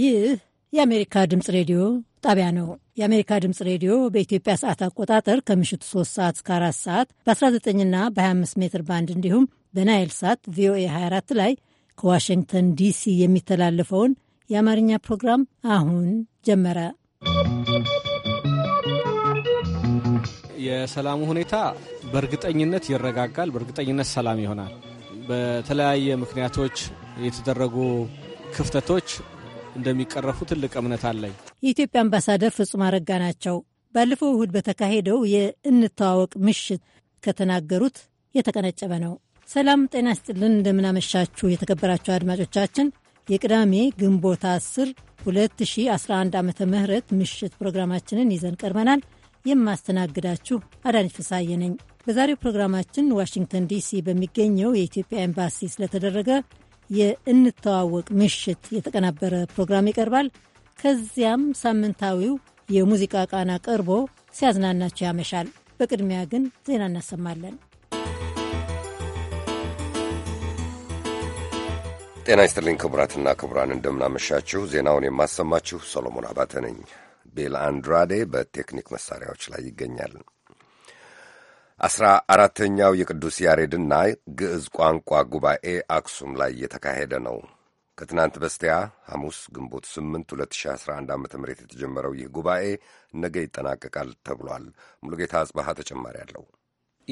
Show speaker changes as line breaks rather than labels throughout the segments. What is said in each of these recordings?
ይህ የአሜሪካ ድምፅ ሬዲዮ ጣቢያ ነው። የአሜሪካ ድምፅ ሬዲዮ በኢትዮጵያ ሰዓት አቆጣጠር ከምሽቱ 3 ሰዓት እስከ 4 ሰዓት በ19ና በ25 ሜትር ባንድ እንዲሁም በናይል ሳት ቪኦኤ 24 ላይ ከዋሽንግተን ዲሲ የሚተላለፈውን የአማርኛ ፕሮግራም አሁን ጀመረ።
የሰላሙ ሁኔታ በእርግጠኝነት ይረጋጋል። በእርግጠኝነት ሰላም ይሆናል። በተለያየ ምክንያቶች የተደረጉ ክፍተቶች እንደሚቀረፉ ትልቅ እምነት አለኝ።
የኢትዮጵያ አምባሳደር ፍጹም አረጋ ናቸው። ባለፈው እሁድ በተካሄደው የእንተዋወቅ ምሽት ከተናገሩት የተቀነጨበ ነው። ሰላም ጤና ስጥልን፣ እንደምናመሻችሁ የተከበራችሁ አድማጮቻችን የቅዳሜ ግንቦት 10 2011 ዓ ም ምሽት ፕሮግራማችንን ይዘን ቀርበናል። የማስተናግዳችሁ አዳነች ፍሳዬ ነኝ። በዛሬው ፕሮግራማችን ዋሽንግተን ዲሲ በሚገኘው የኢትዮጵያ ኤምባሲ ስለተደረገ የእንተዋወቅ ምሽት የተቀናበረ ፕሮግራም ይቀርባል። ከዚያም ሳምንታዊው የሙዚቃ ቃና ቀርቦ ሲያዝናናቸው ያመሻል። በቅድሚያ ግን ዜና እናሰማለን።
ጤና ይስጥልኝ ክቡራትና ክቡራን፣ እንደምናመሻችሁ። ዜናውን የማሰማችሁ ሰሎሞን አባተ ነኝ። ቤል አንድራዴ በቴክኒክ መሳሪያዎች ላይ ይገኛል። አስራ አራተኛው የቅዱስ ያሬድና ግዕዝ ቋንቋ ጉባኤ አክሱም ላይ እየተካሄደ ነው። ከትናንት በስቲያ ሐሙስ ግንቦት 8 2011 ዓ ም የተጀመረው ይህ ጉባኤ ነገ ይጠናቀቃል ተብሏል። ሙሉጌታ አጽባሃ ተጨማሪ አለው።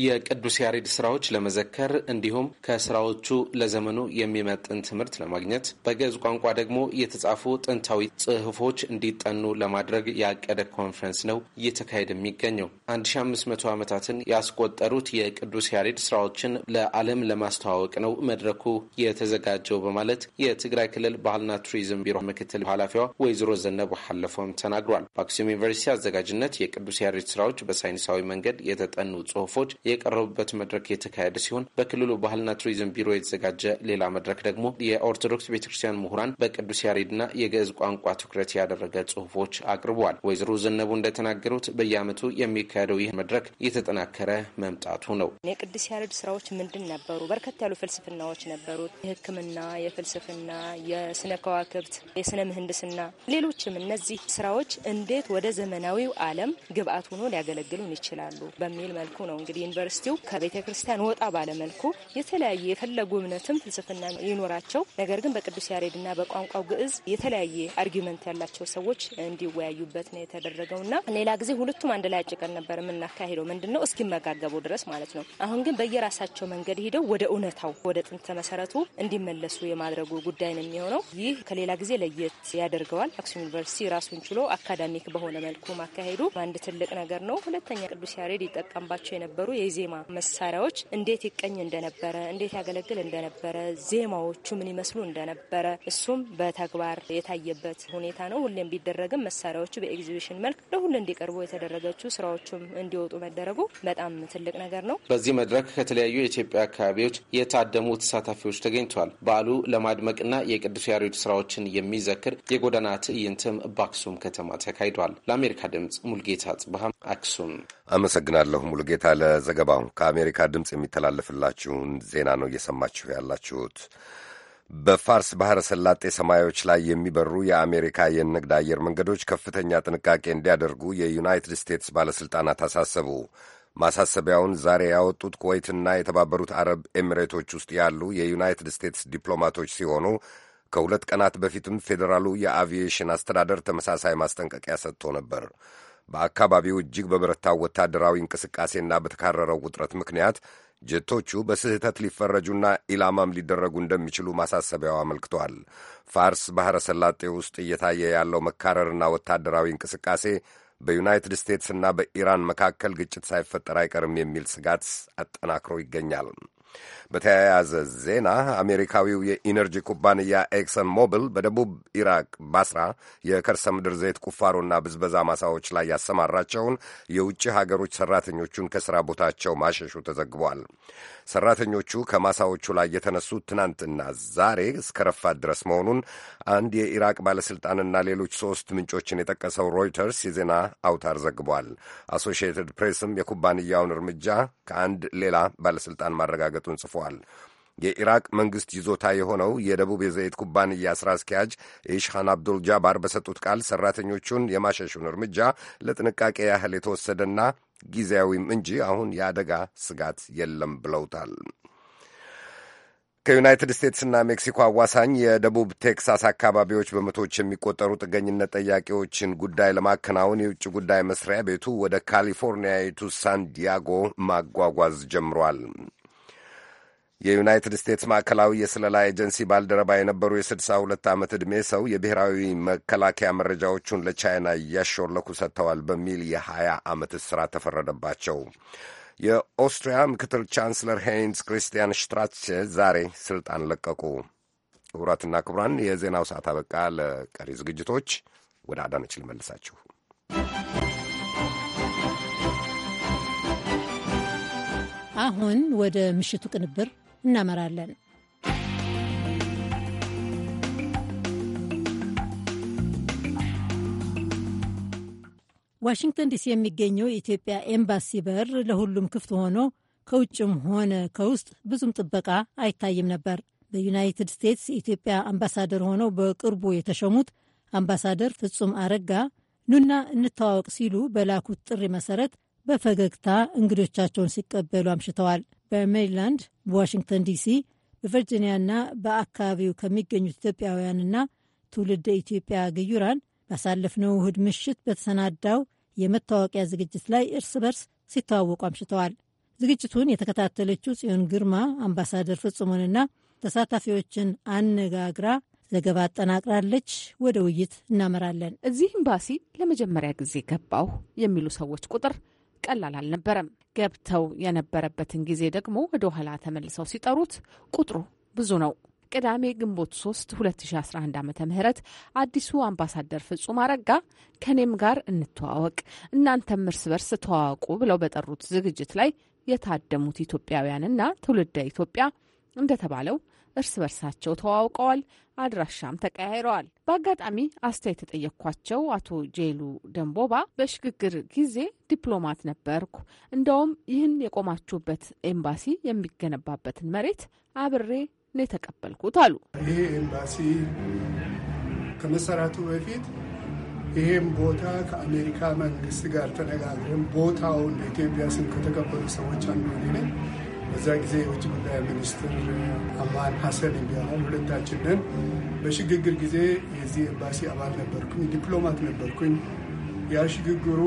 የቅዱስ ያሬድ ስራዎች ለመዘከር እንዲሁም ከስራዎቹ ለዘመኑ የሚመጥን ትምህርት ለማግኘት በግዕዝ ቋንቋ ደግሞ የተጻፉ ጥንታዊ ጽሑፎች እንዲጠኑ ለማድረግ ያቀደ ኮንፈረንስ ነው እየተካሄደ የሚገኘው። 1500 ዓመታትን ያስቆጠሩት የቅዱስ ያሬድ ስራዎችን ለዓለም ለማስተዋወቅ ነው መድረኩ የተዘጋጀው በማለት የትግራይ ክልል ባህልና ቱሪዝም ቢሮ ምክትል ኃላፊዋ ወይዘሮ ዘነቡ ሀለፎም ተናግሯል። በአክሱም ዩኒቨርሲቲ አዘጋጅነት የቅዱስ ያሬድ ስራዎች በሳይንሳዊ መንገድ የተጠኑ ጽሑፎች የቀረቡበት መድረክ የተካሄደ ሲሆን በክልሉ ባህልና ቱሪዝም ቢሮ የተዘጋጀ ሌላ መድረክ ደግሞ የኦርቶዶክስ ቤተክርስቲያን ምሁራን በቅዱስ ያሬድና የግዕዝ ቋንቋ ትኩረት ያደረገ ጽሁፎች አቅርበዋል። ወይዘሮ ዘነቡ እንደተናገሩት በየዓመቱ የሚካሄደው ይህ መድረክ እየተጠናከረ መምጣቱ ነው።
የቅዱስ ያሬድ ስራዎች ምንድን ነበሩ? በርከት ያሉ ፍልስፍናዎች ነበሩት። የሕክምና፣ የፍልስፍና፣ የስነ ከዋክብት፣ የስነ ምህንድስና፣ ሌሎችም እነዚህ ስራዎች እንዴት ወደ ዘመናዊው ዓለም ግብአት ሆኖ ሊያገለግሉን ይችላሉ በሚል መልኩ ነው እንግዲህ ዩኒቨርሲቲው ከቤተ ክርስቲያን ወጣ ባለመልኩ የተለያየ የፈለጉ እምነትም ፍልስፍና ይኖራቸው፣ ነገር ግን በቅዱስ ያሬድና በቋንቋው ግዕዝ የተለያየ አርጊመንት ያላቸው ሰዎች እንዲወያዩበት ነው የተደረገው እና ሌላ ጊዜ ሁለቱም አንድ ላይ አጭቀን ነበር የምናካሄደው ምንድን ነው እስኪመጋገቡ ድረስ ማለት ነው። አሁን ግን በየራሳቸው መንገድ ሂደው ወደ እውነታው ወደ ጥንተ መሰረቱ እንዲመለሱ የማድረጉ ጉዳይ ነው የሚሆነው። ይህ ከሌላ ጊዜ ለየት ያደርገዋል። አክሱም ዩኒቨርሲቲ ራሱን ችሎ አካዳሚክ በሆነ መልኩ ማካሄዱ አንድ ትልቅ ነገር ነው። ሁለተኛ ቅዱስ ያሬድ ይጠቀምባቸው የነበሩ የዜማ መሳሪያዎች እንዴት ይቀኝ እንደነበረ፣ እንዴት ያገለግል እንደነበረ፣ ዜማዎቹ ምን ይመስሉ እንደነበረ እሱም በተግባር የታየበት ሁኔታ ነው። ሁሌም ቢደረግም መሳሪያዎቹ በኤግዚቢሽን መልክ ለሁሉ እንዲቀርቡ የተደረገችው ስራዎቹም እንዲወጡ መደረጉ በጣም ትልቅ ነገር ነው።
በዚህ መድረክ ከተለያዩ የኢትዮጵያ አካባቢዎች የታደሙ ተሳታፊዎች ተገኝተዋል። በዓሉ ለማድመቅና የቅዱስ ያሬድ ስራዎችን የሚዘክር የጎዳና ትዕይንትም በአክሱም ከተማ ተካሂዷል። ለአሜሪካ ድምጽ ሙልጌታ ጽብሃም አክሱም።
አመሰግናለሁ ሙልጌታ ለዘ ዘገባው ከአሜሪካ ድምፅ የሚተላለፍላችሁን ዜና ነው እየሰማችሁ ያላችሁት። በፋርስ ባሕረ ሰላጤ ሰማዮች ላይ የሚበሩ የአሜሪካ የንግድ አየር መንገዶች ከፍተኛ ጥንቃቄ እንዲያደርጉ የዩናይትድ ስቴትስ ባለሥልጣናት አሳሰቡ። ማሳሰቢያውን ዛሬ ያወጡት ኩዌትና የተባበሩት አረብ ኤሚሬቶች ውስጥ ያሉ የዩናይትድ ስቴትስ ዲፕሎማቶች ሲሆኑ ከሁለት ቀናት በፊትም ፌዴራሉ የአቪዬሽን አስተዳደር ተመሳሳይ ማስጠንቀቂያ ሰጥቶ ነበር። በአካባቢው እጅግ በበረታው ወታደራዊ እንቅስቃሴና በተካረረው ውጥረት ምክንያት ጀቶቹ በስህተት ሊፈረጁና ኢላማም ሊደረጉ እንደሚችሉ ማሳሰቢያው አመልክቷል። ፋርስ ባሕረ ሰላጤ ውስጥ እየታየ ያለው መካረርና ወታደራዊ እንቅስቃሴ በዩናይትድ ስቴትስና በኢራን መካከል ግጭት ሳይፈጠር አይቀርም የሚል ስጋት አጠናክሮ ይገኛል። በተያያዘ ዜና አሜሪካዊው የኢነርጂ ኩባንያ ኤክሰን ሞብል በደቡብ ኢራቅ ባስራ የከርሰ ምድር ዘይት ቁፋሮና ብዝበዛ ማሳዎች ላይ ያሰማራቸውን የውጭ ሀገሮች ሠራተኞቹን ከሥራ ቦታቸው ማሸሹ ተዘግቧል። ሰራተኞቹ ከማሳዎቹ ላይ የተነሱት ትናንትና ዛሬ እስከ ረፋት ድረስ መሆኑን አንድ የኢራቅ ባለሥልጣንና ሌሎች ሦስት ምንጮችን የጠቀሰው ሮይተርስ የዜና አውታር ዘግቧል። አሶሺየትድ ፕሬስም የኩባንያውን እርምጃ ከአንድ ሌላ ባለሥልጣን ማረጋገጡን ጽፏል። የኢራቅ መንግሥት ይዞታ የሆነው የደቡብ የዘይት ኩባንያ ሥራ አስኪያጅ ኢሽሃን አብዱል ጃባር በሰጡት ቃል ሠራተኞቹን የማሸሹን እርምጃ ለጥንቃቄ ያህል የተወሰደና ጊዜያዊም እንጂ አሁን የአደጋ ስጋት የለም ብለውታል። ከዩናይትድ ስቴትስና ሜክሲኮ አዋሳኝ የደቡብ ቴክሳስ አካባቢዎች በመቶዎች የሚቆጠሩ ጥገኝነት ጠያቂዎችን ጉዳይ ለማከናወን የውጭ ጉዳይ መስሪያ ቤቱ ወደ ካሊፎርኒያዊቱ ሳንዲያጎ ማጓጓዝ ጀምሯል። የዩናይትድ ስቴትስ ማዕከላዊ የስለላ ኤጀንሲ ባልደረባ የነበሩ የስድሳ ሁለት ዓመት ዕድሜ ሰው የብሔራዊ መከላከያ መረጃዎቹን ለቻይና እያሾለኩ ሰጥተዋል በሚል የሀያ ዓመት እስራት ተፈረደባቸው። የኦስትሪያ ምክትል ቻንስለር ሄይንስ ክሪስቲያን ሽትራትቼ ዛሬ ስልጣን ለቀቁ። ክቡራትና ክቡራን፣ የዜናው ሰዓት አበቃ። ለቀሪ ዝግጅቶች ወደ አዳነች ልመልሳችሁ።
አሁን ወደ ምሽቱ ቅንብር እናመራለን። ዋሽንግተን ዲሲ የሚገኘው የኢትዮጵያ ኤምባሲ በር ለሁሉም ክፍት ሆኖ ከውጭም ሆነ ከውስጥ ብዙም ጥበቃ አይታይም ነበር። በዩናይትድ ስቴትስ የኢትዮጵያ አምባሳደር ሆነው በቅርቡ የተሾሙት አምባሳደር ፍጹም አረጋ ኑና እንተዋወቅ ሲሉ በላኩት ጥሪ መሰረት በፈገግታ እንግዶቻቸውን ሲቀበሉ አምሽተዋል። በሜሪላንድ፣ በዋሽንግተን ዲሲ፣ በቨርጂኒያና በአካባቢው ከሚገኙት ኢትዮጵያውያንና ትውልደ ኢትዮጵያ ግዩራን ባሳለፍነው እሁድ ምሽት በተሰናዳው የመታወቂያ ዝግጅት ላይ እርስ በርስ ሲተዋወቁ አምሽተዋል። ዝግጅቱን የተከታተለችው ጽዮን ግርማ አምባሳደር ፍጹሙንና ተሳታፊዎችን አነጋግራ ዘገባ አጠናቅራለች። ወደ ውይይት እናመራለን። እዚህ ኤምባሲ ለመጀመሪያ ጊዜ ገባሁ የሚሉ ሰዎች ቁጥር
ቀላል አልነበረም። ገብተው የነበረበትን ጊዜ ደግሞ ወደ ኋላ ተመልሰው ሲጠሩት ቁጥሩ ብዙ ነው። ቅዳሜ ግንቦት 3 2011 ዓ ም አዲሱ አምባሳደር ፍጹም አረጋ ከኔም ጋር እንተዋወቅ፣ እናንተም እርስ በርስ ተዋወቁ ብለው በጠሩት ዝግጅት ላይ የታደሙት ኢትዮጵያውያንና ትውልደ ኢትዮጵያ እንደተባለው እርስ በርሳቸው ተዋውቀዋል። አድራሻም ተቀያይረዋል። በአጋጣሚ አስተያየት የተጠየቅኳቸው አቶ ጄሉ ደንቦባ በሽግግር ጊዜ ዲፕሎማት ነበርኩ። እንደውም ይህን የቆማችሁበት ኤምባሲ የሚገነባበትን መሬት አብሬ ነው የተቀበልኩት አሉ።
ይህ ኤምባሲ ከመሰራቱ በፊት ይሄም ቦታ ከአሜሪካ መንግስት ጋር ተነጋግረን ቦታውን ለኢትዮጵያ ስም ከተቀበሉ ሰዎች አንዱ ነኝ በዛ ጊዜ የውጭ ጉዳይ ሚኒስትር አማን ሀሰን ይባላል። ሁለታችንን በሽግግር ጊዜ የዚህ ኤምባሲ አባል ነበርኩኝ፣ ዲፕሎማት ነበርኩኝ። ያ ሽግግሩ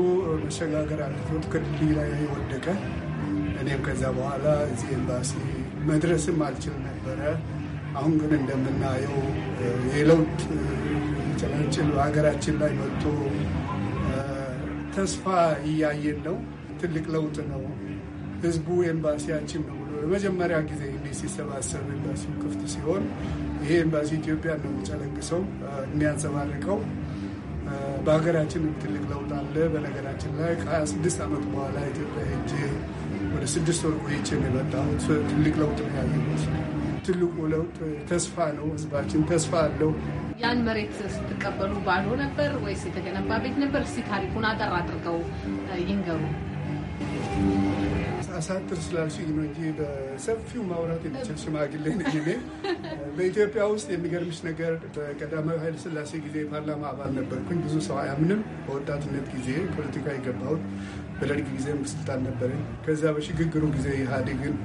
መሸጋገር አልፎት ከድልድይ ላይ ወደቀ። እኔም ከዛ በኋላ እዚህ ኤምባሲ መድረስም አልችል ነበረ። አሁን ግን እንደምናየው የለውጥ ጭላንጭል ሀገራችን ላይ መጥቶ ተስፋ እያየን ነው። ትልቅ ለውጥ ነው። ህዝቡ ኤምባሲያችን ነው ብሎ ለመጀመሪያ ጊዜ እንዲህ ሲሰባሰብ ኤምባሲው ክፍት ሲሆን ይሄ ኤምባሲ ኢትዮጵያ ነው የሚጨለግሰው የሚያንጸባርቀው። በሀገራችን ትልቅ ለውጥ አለ። በነገራችን ላይ ከ26 ዓመት በኋላ ኢትዮጵያ ሄጄ ወደ ስድስት ወር ቆይቼ የመጣሁት። ትልቅ ለውጥ ነው ያየሁት። ትልቁ ለውጥ ተስፋ ነው። ህዝባችን ተስፋ አለው።
ያን መሬት ስትቀበሉ ባዶ ነበር ወይስ የተገነባ ቤት ነበር? እስቲ ታሪኩን አጠር አድርገው ይንገሩ።
አሳጥር ስላልሽኝ ነው እንጂ በሰፊው ማውራት የሚችል ሽማግሌ ነኝ እኔ። በኢትዮጵያ ውስጥ የሚገርምሽ ነገር በቀዳማዊ ኃይለ ሥላሴ ጊዜ ፓርላማ አባል ነበርኩኝ። ብዙ ሰው አያምንም። በወጣትነት ጊዜ ፖለቲካ የገባሁት በደርግ ጊዜም ስልጣን ነበረኝ። ከዛ በሽግግሩ ጊዜ ኢህአዴግን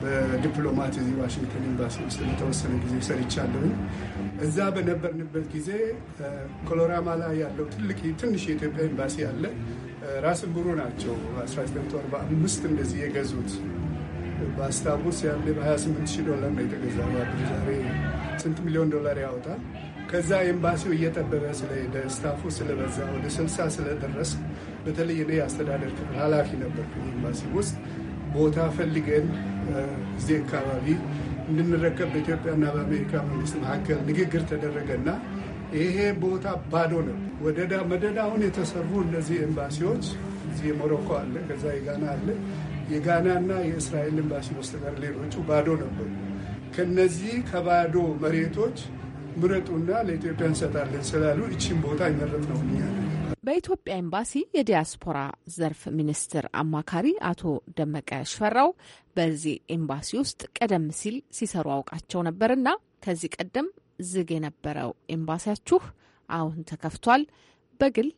በዲፕሎማት እዚህ ዋሽንግተን ኤምባሲ ውስጥ ለተወሰነ ጊዜ ሰርቻለሁኝ። እዛ በነበርንበት ጊዜ ኮሎራማ ላይ ያለው ትልቅ ትንሽ የኢትዮጵያ ኤምባሲ አለ። ራስን ብሩ ናቸው በ1945 እንደዚህ የገዙት በአስታቡስ ያለ በ28 ዶላር ነው የተገዛ። ዛሬ ስንት ሚሊዮን ዶላር ያወጣል? ከዛ ኤምባሲው እየጠበበ ስለሄደ ስታፉ ስለበዛ ወደ 60 ስለደረስ፣ በተለይ እኔ የአስተዳደር ክፍል ኃላፊ ነበርኩ ኤምባሲ ውስጥ ቦታ ፈልገን እዚህ አካባቢ እንድንረከብ በኢትዮጵያና በአሜሪካ መንግስት መካከል ንግግር ተደረገና ይሄ ቦታ ባዶ ነው። ወደዳ የተሰሩ እነዚህ ኤምባሲዎች እዚህ የሞሮኮ አለ፣ ከዛ የጋና አለ። የጋናና የእስራኤል ኤምባሲ በስተቀር ሌሎቹ ባዶ ነበሩ። ከነዚህ ከባዶ መሬቶች ምረጡና ለኢትዮጵያ እንሰጣለን ስላሉ
እቺን ቦታ ይመረጥ ነው እኛ በኢትዮጵያ ኤምባሲ የዲያስፖራ ዘርፍ ሚኒስትር አማካሪ አቶ ደመቀ ሽፈራው በዚህ ኤምባሲ ውስጥ ቀደም ሲል ሲሰሩ አውቃቸው ነበርና ከዚህ ቀደም ዝግ የነበረው ኤምባሲያችሁ አሁን ተከፍቷል። በግል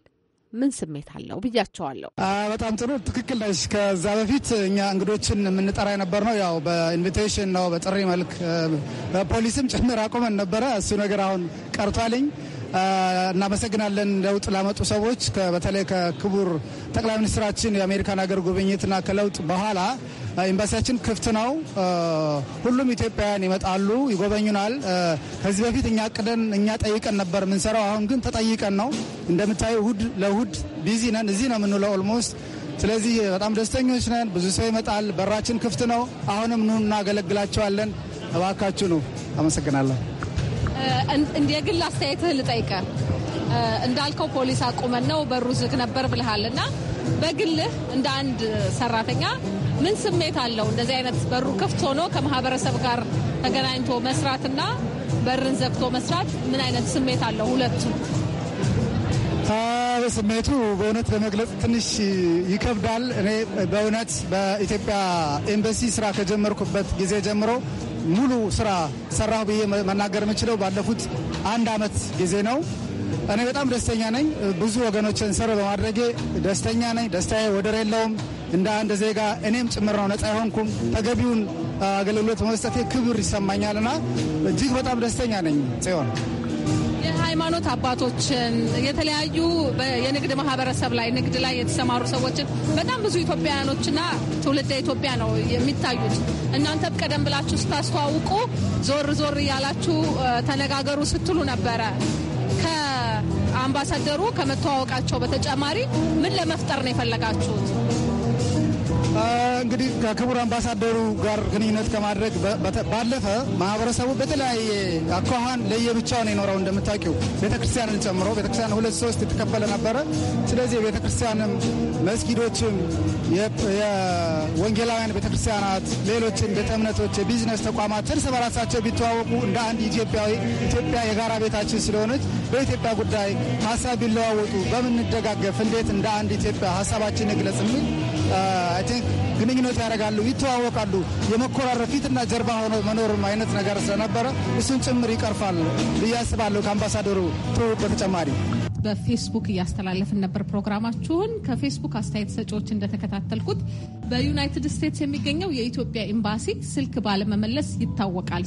ምን ስሜት አለው ብያቸዋለሁ። በጣም ጥሩ ትክክል
ነች። ከዛ በፊት እኛ እንግዶችን የምንጠራ የነበር ነው ያው በኢንቪቴሽን ነው በጥሪ መልክ በፖሊስም ጭምር አቁመን ነበረ። እሱ ነገር አሁን ቀርቷልኝ። እናመሰግናለን ለውጥ ላመጡ ሰዎች በተለይ ከክቡር ጠቅላይ ሚኒስትራችን የአሜሪካን ሀገር ጉብኝትና ከለውጥ በኋላ ኤምባሲያችን ክፍት ነው። ሁሉም ኢትዮጵያውያን ይመጣሉ፣ ይጎበኙናል። ከዚህ በፊት እኛ ቅደን እኛ ጠይቀን ነበር የምንሰራው። አሁን ግን ተጠይቀን ነው። እንደምታየው እሁድ ለእሁድ ቢዚ ነን። እዚህ ነው የምንውለው ኦልሞስት ስለዚህ በጣም ደስተኞች ነን። ብዙ ሰው ይመጣል። በራችን ክፍት ነው። አሁንም ኑ እናገለግላቸዋለን። እባካችሁ ኑ። አመሰግናለሁ።
የግል አስተያየትህ ልጠይቀ እንዳልከው ፖሊስ አቁመን ነው በሩ ዝግ ነበር ብልሃል እና በግልህ እንደ አንድ ሰራተኛ ምን ስሜት አለው? እንደዚህ አይነት በሩ ክፍት ሆኖ ከማህበረሰብ ጋር ተገናኝቶ መስራትና በርን ዘግቶ መስራት ምን አይነት ስሜት አለው? ሁለቱ
ስሜቱ በእውነት ለመግለጽ ትንሽ ይከብዳል። እኔ በእውነት በኢትዮጵያ ኤምበሲ ስራ ከጀመርኩበት ጊዜ ጀምሮ ሙሉ ስራ ሰራሁ ብዬ መናገር የምችለው ባለፉት አንድ አመት ጊዜ ነው። እኔ በጣም ደስተኛ ነኝ። ብዙ ወገኖችን ሰር በማድረጌ ደስተኛ ነኝ። ደስታዬ ወደር የለውም። እንደ አንድ ዜጋ እኔም ጭምር ነው ነጻ የሆንኩም ተገቢውን አገልግሎት በመስጠቴ ክብር ይሰማኛል እና እጅግ በጣም ደስተኛ ነኝ ጽዮን።
የሃይማኖት አባቶችን የተለያዩ የንግድ ማህበረሰብ ላይ ንግድ ላይ የተሰማሩ ሰዎችን በጣም ብዙ ኢትዮጵያውያኖችና ትውልደ ኢትዮጵያ ነው የሚታዩት። እናንተ ቀደም ብላችሁ ስታስተዋውቁ ዞር ዞር እያላችሁ ተነጋገሩ ስትሉ ነበረ። አምባሳደሩ ከመተዋወቃቸው በተጨማሪ ምን ለመፍጠር ነው የፈለጋችሁት?
እንግዲህ ከክቡር አምባሳደሩ ጋር ግንኙነት ከማድረግ ባለፈ ማህበረሰቡ በተለያየ አኳኋን ለየብቻው ነው የኖረው። እንደምታውቂው ቤተክርስቲያንን ጨምሮ ቤተክርስቲያን ሁለት ሶስት የተከፈለ ነበረ። ስለዚህ የቤተክርስቲያንም መስጊዶችም፣ የወንጌላውያን ቤተክርስቲያናት፣ ሌሎችም ቤተ እምነቶች፣ የቢዝነስ ተቋማት እርስ በራሳቸው ቢተዋወቁ እንደ አንድ ኢትዮጵያዊ ኢትዮጵያ የጋራ ቤታችን ስለሆነች በኢትዮጵያ ጉዳይ ሀሳብ ቢለዋወጡ፣ በምንደጋገፍ እንዴት እንደ አንድ ኢትዮጵያ ሀሳባችን ይግለጽ የሚል አይ ቲንክ ግንኙነት ያደርጋሉ፣ ይተዋወቃሉ። የመኮራረ ፊትና ጀርባ ሆኖ መኖር አይነት ነገር ስለነበረ እሱን ጭምር ይቀርፋል ብዬ አስባለሁ። ከአምባሳደሩ ትውውቅ በተጨማሪ
በፌስቡክ እያስተላለፍን ነበር ፕሮግራማችሁን። ከፌስቡክ አስተያየት ሰጪዎች እንደተከታተልኩት በዩናይትድ ስቴትስ የሚገኘው የኢትዮጵያ ኤምባሲ ስልክ ባለመመለስ ይታወቃል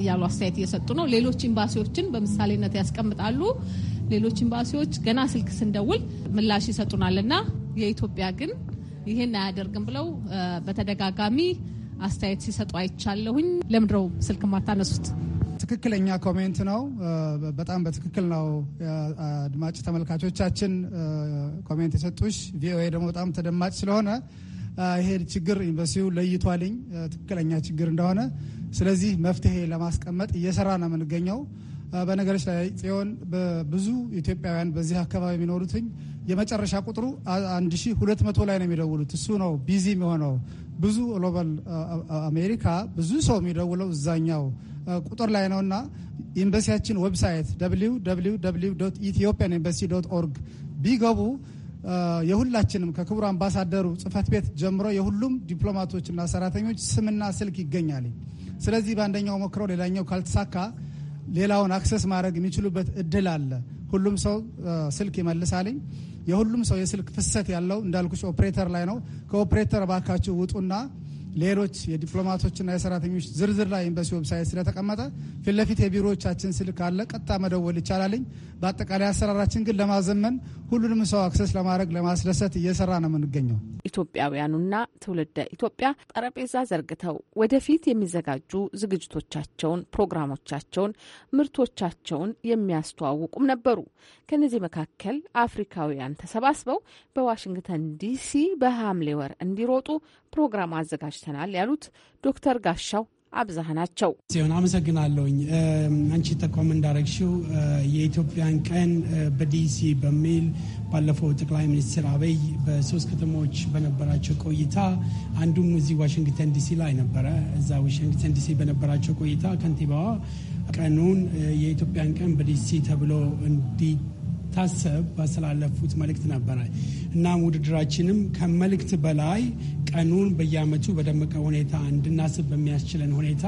እያሉ አስተያየት እየሰጡ ነው። ሌሎች ኤምባሲዎችን በምሳሌነት ያስቀምጣሉ። ሌሎች ኤምባሲዎች ገና ስልክ ስንደውል ምላሽ ይሰጡናል እና የኢትዮጵያ ግን ይሄን አያደርግም ብለው በተደጋጋሚ አስተያየት ሲሰጡ አይቻለሁኝ። ለምድረው ስልክ ማታነሱት
ትክክለኛ ኮሜንት ነው። በጣም በትክክል ነው። አድማጭ ተመልካቾቻችን ኮሜንት የሰጡሽ ቪኦኤ ደግሞ በጣም ተደማጭ ስለሆነ ይሄ ችግር ዩኒቨርሲቲው ለይቷልኝ ትክክለኛ ችግር እንደሆነ፣ ስለዚህ መፍትሄ ለማስቀመጥ እየሰራ ነው የምንገኘው። በነገሮች ላይ ጽዮን ብዙ ኢትዮጵያውያን በዚህ አካባቢ የሚኖሩትኝ የመጨረሻ ቁጥሩ 1200 ላይ ነው የሚደውሉት። እሱ ነው ቢዚ የሚሆነው ብዙ ሎበል አሜሪካ ብዙ ሰው የሚደውለው እዛኛው ቁጥር ላይ ነው እና ኤምባሲያችን ዌብሳይት ኢትዮጵያን ኤምባሲ ዶት ኦርግ ቢገቡ የሁላችንም ከክቡር አምባሳደሩ ጽህፈት ቤት ጀምሮ የሁሉም ዲፕሎማቶችና ሰራተኞች ስምና ስልክ ይገኛል። ስለዚህ በአንደኛው ሞክረው ሌላኛው ካልተሳካ ሌላውን አክሰስ ማድረግ የሚችሉበት እድል አለ። ሁሉም ሰው ስልክ ይመልሳልኝ። የሁሉም ሰው የስልክ ፍሰት ያለው እንዳልኩሽ ኦፕሬተር ላይ ነው። ከኦፕሬተር ባካችሁ ውጡና ሌሎች የዲፕሎማቶችና የሰራተኞች ዝርዝር ላይ ኤምባሲ ወብሳይት ስለተቀመጠ ፊት ለፊት የቢሮዎቻችን ስልክ አለ፣ ቀጥታ መደወል ይቻላልኝ። በአጠቃላይ አሰራራችን ግን ለማዘመን ሁሉንም ሰው አክሰስ ለማድረግ ለማስደሰት እየሰራ ነው የምንገኘው።
ኢትዮጵያውያኑና ትውልደ ኢትዮጵያ ጠረጴዛ ዘርግተው ወደፊት የሚዘጋጁ ዝግጅቶቻቸውን፣ ፕሮግራሞቻቸውን፣ ምርቶቻቸውን የሚያስተዋውቁም ነበሩ። ከነዚህ መካከል አፍሪካውያን ተሰባስበው በዋሽንግተን ዲሲ በሐምሌ ወር እንዲሮጡ ፕሮግራም አዘጋጅተናል ያሉት ዶክተር ጋሻው አብዛህ ናቸው
ሲሆን አመሰግናለሁኝ። አንቺ ተቋም እንዳረግሽው የኢትዮጵያን ቀን በዲሲ በሚል ባለፈው ጠቅላይ ሚኒስትር አብይ በሶስት ከተሞች በነበራቸው ቆይታ አንዱም እዚህ ዋሽንግተን ዲሲ ላይ ነበረ። እዛ ዋሽንግተን ዲሲ በነበራቸው ቆይታ ከንቲባዋ ቀኑን የኢትዮጵያን ቀን በዲሲ ተብሎ እንዲታሰብ ባስተላለፉት መልእክት ነበረ። እናም ውድድራችንም ከመልእክት በላይ ቀኑን በየአመቱ በደመቀ ሁኔታ እንድናስብ በሚያስችለን ሁኔታ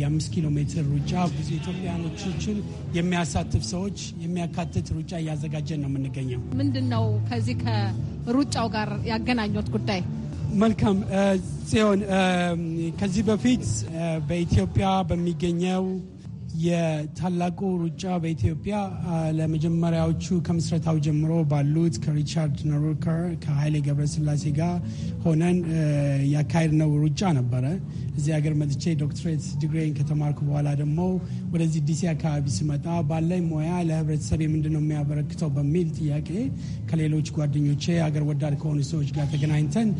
የአምስት ኪሎ ሜትር ሩጫ ብዙ ኢትዮጵያኖችን የሚያሳትፍ ሰዎች የሚያካትት ሩጫ እያዘጋጀን ነው የምንገኘው።
ምንድን ነው ከዚህ ከሩጫው ጋር ያገናኙት ጉዳይ?
መልካም ሲሆን ከዚህ በፊት በኢትዮጵያ በሚገኘው የታላቁ ሩጫ በኢትዮጵያ ለመጀመሪያዎቹ ከምስረታው ጀምሮ ባሉት ከሪቻርድ ነሩከር ከኃይሌ ገብረስላሴ ጋር ሆነን ነው ሩጫ ነበረ። እዚህ ሀገር መጥቼ ዶክትሬት ዲግሪን ከተማርኩ በኋላ ደግሞ ወደዚህ ዲሲ አካባቢ ስመጣ ባለኝ ሙያ ለህብረተሰብ ምንድን ነው የሚያበረክተው በሚል ጥያቄ ከሌሎች ጓደኞቼ አገር ወዳድ ከሆኑ ሰዎች ጋር ተገናኝተን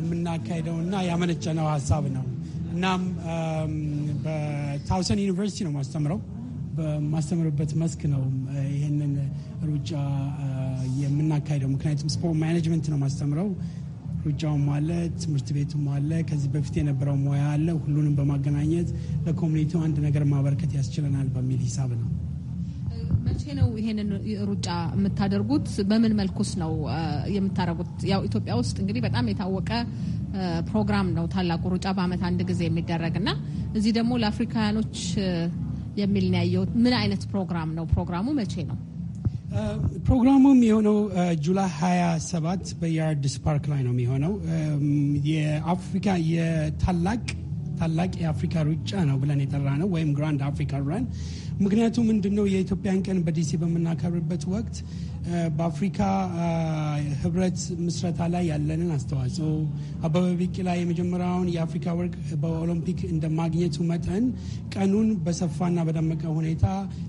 የምናካሄደውና ያመነጨነው ሀሳብ ነው። እናም በታውሰን ዩኒቨርሲቲ ነው ማስተምረው። በማስተምርበት መስክ ነው ይህንን ሩጫ የምናካሄደው። ምክንያቱም ስፖርት ማኔጅመንት ነው ማስተምረው። ሩጫውም አለ፣ ትምህርት ቤቱም አለ፣ ከዚህ በፊት የነበረው ሙያ አለ። ሁሉንም በማገናኘት ለኮሚኒቲው አንድ ነገር ማበረከት ያስችለናል በሚል ሂሳብ ነው
መቼ ነው ይሄንን ሩጫ የምታደርጉት? በምን መልኩስ ነው የምታደርጉት? ያው ኢትዮጵያ ውስጥ እንግዲህ በጣም የታወቀ ፕሮግራም ነው ታላቁ ሩጫ በዓመት አንድ ጊዜ የሚደረግ እና እዚህ ደግሞ ለአፍሪካውያኖች የሚል ነው ያየሁት። ምን አይነት ፕሮግራም ነው? ፕሮግራሙ መቼ ነው?
ፕሮግራሙም የሆነው ጁላይ 27 በያርድስ ፓርክ ላይ ነው የሚሆነው። የአፍሪካ የታላቅ ታላቅ የአፍሪካ ሩጫ ነው ብለን የጠራ ነው ወይም ግራንድ አፍሪካ ራን ምክንያቱም ምንድነው የኢትዮጵያን ቀን በዲሲ በምናከብርበት ወቅት በአፍሪካ ህብረት ምስረታ ላይ ያለንን አስተዋጽኦ አበበ ቢቂላ የመጀመሪያውን የአፍሪካ ወርቅ በኦሎምፒክ እንደማግኘቱ መጠን ቀኑን በሰፋና በደመቀ ሁኔታ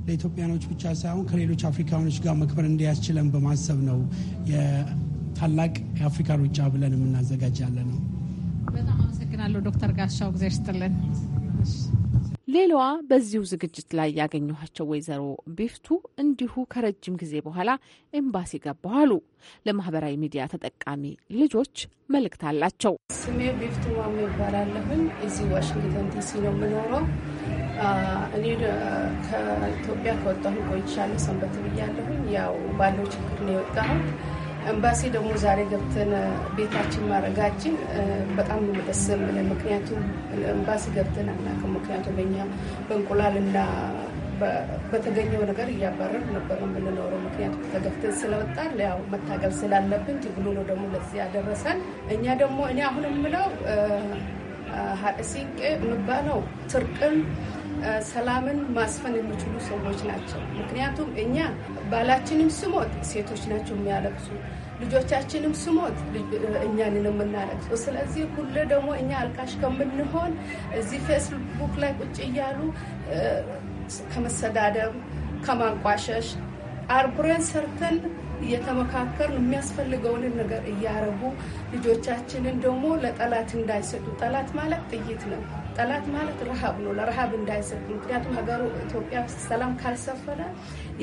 ለኢትዮጵያኖች ብቻ ሳይሆን ከሌሎች አፍሪካኖች ጋር መክበር እንዲያስችለን በማሰብ ነው ታላቅ የአፍሪካ ሩጫ ብለን ያለ ነው።
በጣም አመሰግናለሁ ዶክተር ጋሻው ጊዜ ሌላዋ በዚሁ ዝግጅት ላይ ያገኘኋቸው ወይዘሮ ቢፍቱ እንዲሁ ከረጅም ጊዜ በኋላ ኤምባሲ ገባሁ አሉ። ለማህበራዊ ሚዲያ ተጠቃሚ ልጆች መልእክት አላቸው።
ስሜ ቢፍቱ ማሞ ይባላለሁኝ። እዚህ ዋሽንግተን ዲሲ ነው የምኖረው። እኔ ከኢትዮጵያ ከወጣሁ ቆይቻለሁ። ሰንበት ብያለሁኝ። ያው ባለው ችግር ነው የወጣሁት ኤምባሲ ደግሞ ዛሬ ገብተን ቤታችን ማድረጋችን በጣም ነው ደስ የሚለን። ምክንያቱም ኤምባሲ ገብተን አናውቅም። ምክንያቱም በእኛ በእንቁላልና በተገኘው ነገር እያባረር ነበር የምንኖረው። ምክንያቱም ተገፍተን ስለወጣን ያው መታገል ስላለብን ትግሉ ነው ደግሞ ለዚህ ያደረሰን። እኛ ደግሞ እኔ አሁን የምለው ሀደሲቅ የሚባለው ትርቅን ሰላምን ማስፈን የሚችሉ ሰዎች ናቸው። ምክንያቱም እኛ ባላችንም ስሞት ሴቶች ናቸው የሚያለቅሱ፣ ልጆቻችንም ስሞት እኛን የምናለቅሱ። ስለዚህ ሁሌ ደግሞ እኛ አልቃሽ ከምንሆን እዚህ ፌስቡክ ላይ ቁጭ እያሉ ከመሰዳደብ ከማንቋሸሽ አርብረን ሰርተን እየተመካከርን የሚያስፈልገውን ነገር እያረጉ ልጆቻችንን ደግሞ ለጠላት እንዳይሰጡ። ጠላት ማለት ጥይት ነው። ጠላት ማለት ረሃብ ነው። ለረሃብ እንዳይሰጥ ምክንያቱም ሀገሩ ኢትዮጵያ ሰላም ካልሰፈነ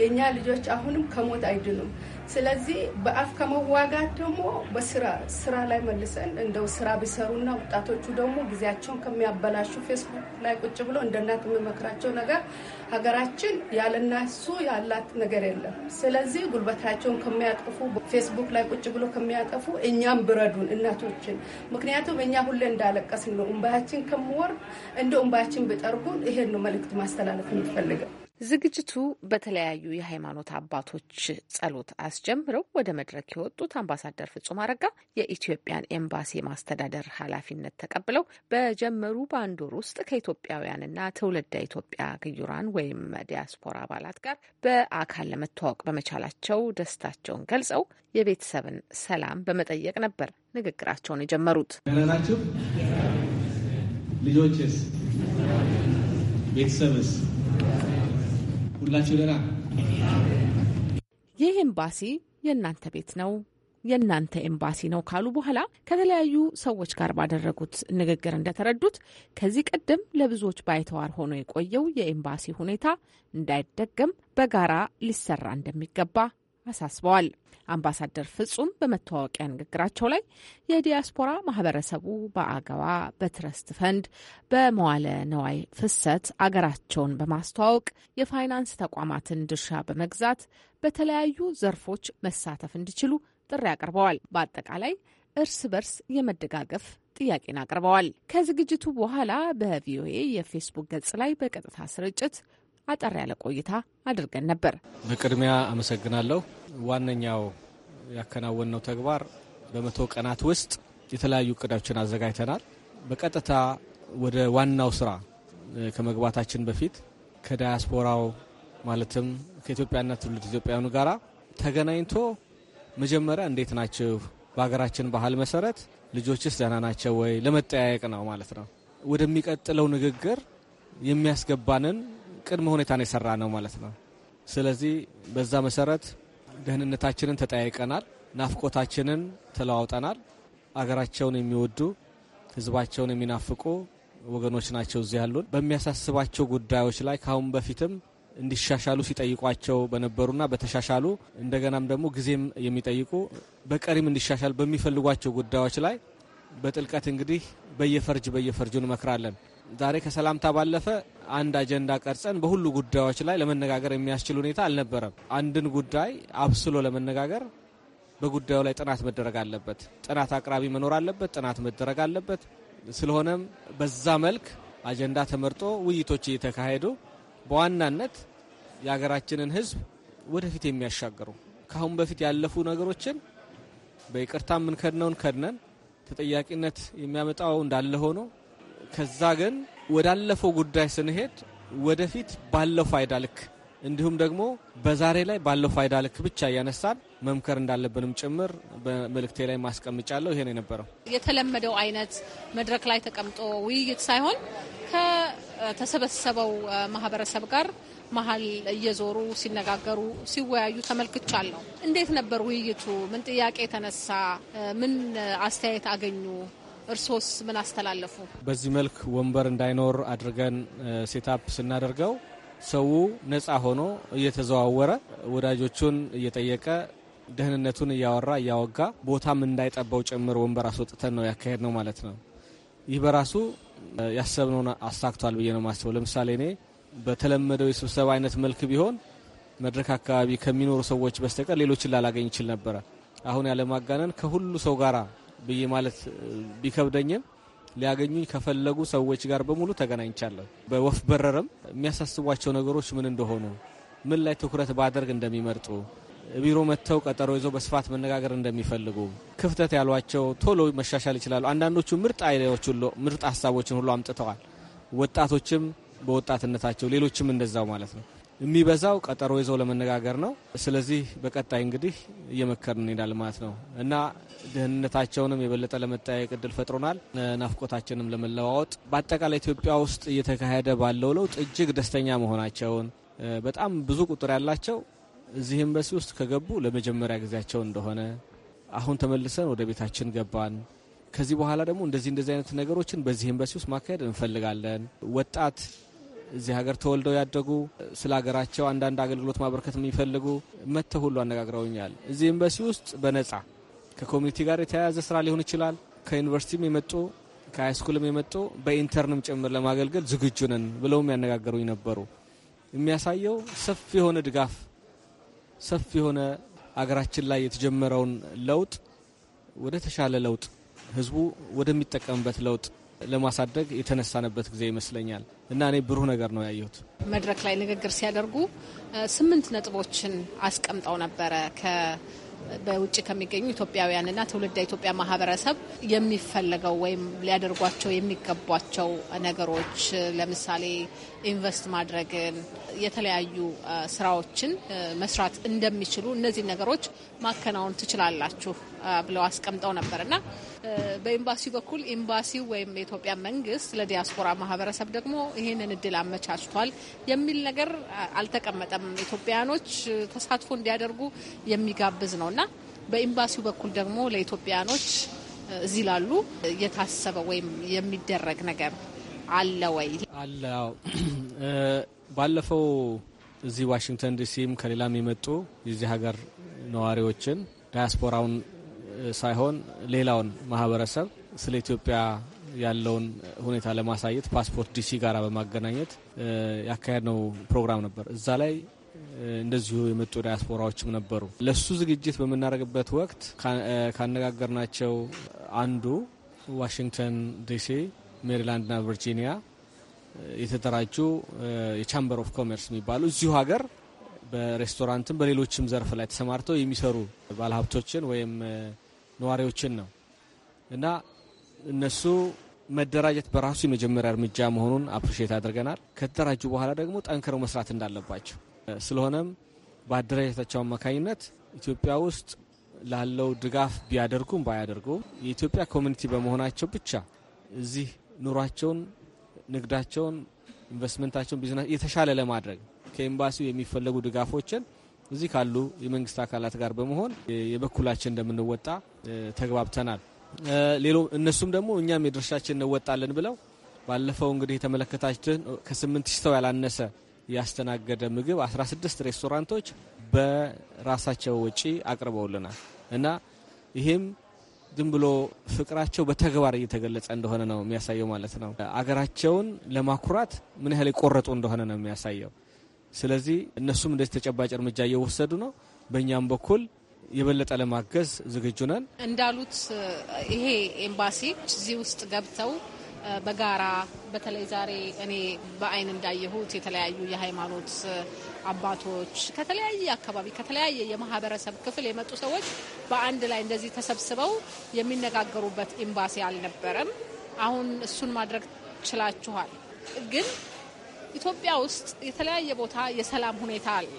የእኛ ልጆች አሁንም ከሞት አይድኑም። ስለዚህ በአፍ ከመዋጋት ደግሞ በስራ ስራ ላይ መልሰን እንደው ስራ ቢሰሩና ወጣቶቹ ደግሞ ጊዜያቸውን ከሚያበላሹ ፌስቡክ ላይ ቁጭ ብሎ እንደ እናት የምመክራቸው ነገር ሀገራችን ያለናሱ ያላት ነገር የለም። ስለዚህ ጉልበታቸውን ከሚያጠፉ ፌስቡክ ላይ ቁጭ ብሎ ከሚያጠፉ እኛም ብረዱን እናቶችን። ምክንያቱም እኛ ሁሌ እንዳለቀስ ነው እንባያችን ከምወርድ እንደ እንባያችን ብጠርጉን። ይሄን ነው መልእክት ማስተላለፍ የምትፈልገው። ዝግጅቱ
በተለያዩ የሃይማኖት አባቶች ጸሎት አስጀምረው ወደ መድረክ የወጡት አምባሳደር ፍጹም አረጋ የኢትዮጵያን ኤምባሲ ማስተዳደር ኃላፊነት ተቀብለው በጀመሩ በአንድ ወር ውስጥ ከኢትዮጵያውያንና ትውልደ ኢትዮጵያ ግዩራን ወይም ዲያስፖራ አባላት ጋር በአካል ለመተዋወቅ በመቻላቸው ደስታቸውን ገልጸው የቤተሰብን ሰላም በመጠየቅ ነበር ንግግራቸውን የጀመሩት።
ልጆችስ ቤተሰብስ ሁላችሁ ደህና።
ይህ ኤምባሲ የእናንተ ቤት ነው የእናንተ ኤምባሲ ነው ካሉ በኋላ ከተለያዩ ሰዎች ጋር ባደረጉት ንግግር እንደተረዱት ከዚህ ቀደም ለብዙዎች ባይተዋር ሆኖ የቆየው የኤምባሲ ሁኔታ እንዳይደገም በጋራ ሊሰራ እንደሚገባ አሳስበዋል። አምባሳደር ፍጹም በመተዋወቂያ ንግግራቸው ላይ የዲያስፖራ ማህበረሰቡ በአገባ በትረስት ፈንድ በመዋለ ነዋይ ፍሰት አገራቸውን በማስተዋወቅ የፋይናንስ ተቋማትን ድርሻ በመግዛት በተለያዩ ዘርፎች መሳተፍ እንዲችሉ ጥሪ አቅርበዋል። በአጠቃላይ እርስ በርስ የመደጋገፍ ጥያቄን አቅርበዋል። ከዝግጅቱ በኋላ በቪኦኤ የፌስቡክ ገጽ ላይ በቀጥታ ስርጭት አጠር ያለ ቆይታ አድርገን ነበር።
በቅድሚያ አመሰግናለሁ። ዋነኛው ያከናወንነው ተግባር በመቶ ቀናት ውስጥ የተለያዩ እቅዶችን አዘጋጅተናል። በቀጥታ ወደ ዋናው ስራ ከመግባታችን በፊት ከዳያስፖራው ማለትም ከኢትዮጵያና ትውልድ ኢትዮጵያውያኑ ጋር ተገናኝቶ መጀመሪያ እንዴት ናችሁ፣ በሀገራችን ባህል መሰረት ልጆችስ ደህና ናቸው ወይ ለመጠያየቅ ነው ማለት ነው። ወደሚቀጥለው ንግግር የሚያስገባንን ቅድመ ሁኔታን የሰራ ነው ማለት ነው። ስለዚህ በዛ መሰረት ደህንነታችንን ተጠያይቀናል፣ ናፍቆታችንን ተለዋውጠናል። አገራቸውን የሚወዱ ህዝባቸውን የሚናፍቁ ወገኖች ናቸው እዚህ ያሉን። በሚያሳስባቸው ጉዳዮች ላይ ከአሁን በፊትም እንዲሻሻሉ ሲጠይቋቸው በነበሩና በተሻሻሉ እንደገናም ደግሞ ጊዜም የሚጠይቁ በቀሪም እንዲሻሻል በሚፈልጓቸው ጉዳዮች ላይ በጥልቀት እንግዲህ በየፈርጅ በየፈርጁ እንመክራለን። ዛሬ ከሰላምታ ባለፈ አንድ አጀንዳ ቀርጸን በሁሉ ጉዳዮች ላይ ለመነጋገር የሚያስችል ሁኔታ አልነበረም። አንድን ጉዳይ አብስሎ ለመነጋገር በጉዳዩ ላይ ጥናት መደረግ አለበት። ጥናት አቅራቢ መኖር አለበት። ጥናት መደረግ አለበት። ስለሆነም በዛ መልክ አጀንዳ ተመርጦ ውይይቶች እየተካሄዱ በዋናነት የሀገራችንን ሕዝብ ወደፊት የሚያሻገሩ ከአሁን በፊት ያለፉ ነገሮችን በይቅርታ የምንከድነውን ከድነን ተጠያቂነት የሚያመጣው እንዳለ ሆኖ ከዛ ግን ወዳለፈው ጉዳይ ስንሄድ ወደፊት ባለው ፋይዳ ልክ እንዲሁም ደግሞ በዛሬ ላይ ባለው ፋይዳ ልክ ብቻ እያነሳን መምከር እንዳለብንም ጭምር በመልእክቴ ላይ ማስቀምጫለሁ። ይሄ ነው የነበረው።
የተለመደው አይነት መድረክ ላይ ተቀምጦ ውይይት ሳይሆን ከተሰበሰበው ማህበረሰብ ጋር መሀል እየዞሩ ሲነጋገሩ፣ ሲወያዩ ተመልክቻለሁ። እንዴት ነበር ውይይቱ? ምን ጥያቄ ተነሳ? ምን አስተያየት አገኙ? እርሶስ ምን አስተላለፉ?
በዚህ መልክ ወንበር እንዳይኖር አድርገን ሴታፕ ስናደርገው ሰው ነፃ ሆኖ እየተዘዋወረ ወዳጆቹን እየጠየቀ ደህንነቱን እያወራ እያወጋ ቦታም እንዳይጠባው ጭምር ወንበር አስወጥተን ነው ያካሄድ ነው ማለት ነው። ይህ በራሱ ያሰብነውን አሳክቷል ብዬ ነው ማስበው። ለምሳሌ እኔ በተለመደው የስብሰባ አይነት መልክ ቢሆን መድረክ አካባቢ ከሚኖሩ ሰዎች በስተቀር ሌሎችን ላላገኝ ይችል ነበረ። አሁን ያለማጋነን ከሁሉ ሰው ጋራ ብዬ ማለት ቢከብደኝም ሊያገኙኝ ከፈለጉ ሰዎች ጋር በሙሉ ተገናኝቻለሁ። በወፍ በረርም የሚያሳስቧቸው ነገሮች ምን እንደሆኑ፣ ምን ላይ ትኩረት ባደርግ እንደሚመርጡ፣ ቢሮ መጥተው ቀጠሮ ይዘው በስፋት መነጋገር እንደሚፈልጉ፣ ክፍተት ያሏቸው ቶሎ መሻሻል ይችላሉ። አንዳንዶቹ ምርጥ አይዲያዎች፣ ምርጥ ሀሳቦችን ሁሉ አምጥተዋል። ወጣቶችም በወጣትነታቸው ሌሎችም እንደዛው ማለት ነው። የሚበዛው ቀጠሮ ይዘው ለመነጋገር ነው። ስለዚህ በቀጣይ እንግዲህ እየመከርን እንሄዳለን ማለት ነው እና ደህንነታቸውንም የበለጠ ለመጠያየቅ እድል ፈጥሮናል። ናፍቆታችንም ለመለዋወጥ በአጠቃላይ ኢትዮጵያ ውስጥ እየተካሄደ ባለው ለውጥ እጅግ ደስተኛ መሆናቸውን በጣም ብዙ ቁጥር ያላቸው እዚህ ኤምባሲ ውስጥ ከገቡ ለመጀመሪያ ጊዜያቸው እንደሆነ አሁን ተመልሰን ወደ ቤታችን ገባን። ከዚህ በኋላ ደግሞ እንደዚህ እንደዚህ አይነት ነገሮችን በዚህ ኤምባሲ ውስጥ ማካሄድ እንፈልጋለን። ወጣት እዚህ ሀገር ተወልደው ያደጉ ስለ ሀገራቸው አንዳንድ አገልግሎት ማበረከት የሚፈልጉ መጥተው ሁሉ አነጋግረውኛል። እዚህ ኤምባሲ ውስጥ በነጻ ከኮሚኒቲ ጋር የተያያዘ ስራ ሊሆን ይችላል። ከዩኒቨርሲቲም የመጡ ከሃይስኩልም የመጡ በኢንተርንም ጭምር ለማገልገል ዝግጁ ነን ብለውም ያነጋገሩኝ ነበሩ። የሚያሳየው ሰፊ የሆነ ድጋፍ ሰፊ የሆነ አገራችን ላይ የተጀመረውን ለውጥ ወደ ተሻለ ለውጥ ህዝቡ ወደሚጠቀምበት ለውጥ ለማሳደግ የተነሳንበት ጊዜ ይመስለኛል እና እኔ ብሩህ ነገር ነው ያየሁት።
መድረክ ላይ ንግግር ሲያደርጉ ስምንት ነጥቦችን አስቀምጠው ነበረ በውጭ ከሚገኙ ኢትዮጵያውያንና ትውልደ ኢትዮጵያ ማህበረሰብ የሚፈለገው ወይም ሊያደርጓቸው የሚገቧቸው ነገሮች ለምሳሌ ኢንቨስት ማድረግን፣ የተለያዩ ስራዎችን መስራት እንደሚችሉ እነዚህ ነገሮች ማከናወን ትችላላችሁ ብለው አስቀምጠው ነበር እና በኤምባሲው በኩል ኤምባሲው ወይም የኢትዮጵያ መንግስት ለዲያስፖራ ማህበረሰብ ደግሞ ይህንን እድል አመቻችቷል የሚል ነገር አልተቀመጠም። ኢትዮጵያኖች ተሳትፎ እንዲያደርጉ የሚጋብዝ ነው እና በኤምባሲው በኩል ደግሞ ለኢትዮጵያኖች እዚህ ላሉ የታሰበ ወይም የሚደረግ ነገር አለ ወይ?
አለ ባለፈው እዚህ ዋሽንግተን ዲሲም ከሌላም የመጡ የዚህ ሀገር ነዋሪዎችን ዳያስፖራውን ሳይሆን ሌላውን ማህበረሰብ ስለ ኢትዮጵያ ያለውን ሁኔታ ለማሳየት ፓስፖርት ዲሲ ጋር በማገናኘት ያካሄድነው ፕሮግራም ነበር። እዛ ላይ እንደዚሁ የመጡ ዳያስፖራዎችም ነበሩ። ለሱ ዝግጅት በምናደርግበት ወቅት ካነጋገርናቸው አንዱ ዋሽንግተን ዲሲ ሜሪላንድና ቨርጂኒያ የተደራጁ የቻምበር ኦፍ ኮሜርስ የሚባሉ እዚሁ ሀገር በሬስቶራንትም በሌሎችም ዘርፍ ላይ ተሰማርተው የሚሰሩ ባለሀብቶችን ወይም ነዋሪዎችን ነው እና እነሱ መደራጀት በራሱ የመጀመሪያ እርምጃ መሆኑን አፕሪሼት አድርገናል። ከተደራጁ በኋላ ደግሞ ጠንክረው መስራት እንዳለባቸው ስለሆነም በአደራጀታቸው አማካኝነት ኢትዮጵያ ውስጥ ላለው ድጋፍ ቢያደርጉም ባያደርጉም የኢትዮጵያ ኮሚኒቲ በመሆናቸው ብቻ እዚህ ኑሯቸውን፣ ንግዳቸውን፣ ኢንቨስትመንታቸውን፣ ቢዝነስ የተሻለ ለማድረግ ከኤምባሲው የሚፈለጉ ድጋፎችን እዚህ ካሉ የመንግስት አካላት ጋር በመሆን የበኩላችን እንደምንወጣ ተግባብተናል። ሌሎ እነሱም ደግሞ እኛም የድርሻችን እንወጣለን ብለው ባለፈው እንግዲህ የተመለከታችን ከ8 ሺህ ሰው ያላነሰ ያስተናገደ ምግብ 16 ሬስቶራንቶች በራሳቸው ወጪ አቅርበውልናል እና ይህም ዝም ብሎ ፍቅራቸው በተግባር እየተገለጸ እንደሆነ ነው የሚያሳየው ማለት ነው። አገራቸውን ለማኩራት ምን ያህል የቆረጡ እንደሆነ ነው የሚያሳየው። ስለዚህ እነሱም እንደዚህ ተጨባጭ እርምጃ እየወሰዱ ነው። በእኛም በኩል የበለጠ ለማገዝ ዝግጁ ነን።
እንዳሉት ይሄ ኤምባሲ እዚህ ውስጥ ገብተው በጋራ በተለይ ዛሬ እኔ በአይን እንዳየሁት የተለያዩ የሃይማኖት አባቶች ከተለያየ አካባቢ ከተለያየ የማህበረሰብ ክፍል የመጡ ሰዎች በአንድ ላይ እንደዚህ ተሰብስበው የሚነጋገሩበት ኤምባሲ አልነበረም። አሁን እሱን ማድረግ ችላችኋል። ግን ኢትዮጵያ ውስጥ የተለያየ ቦታ የሰላም ሁኔታ አለ።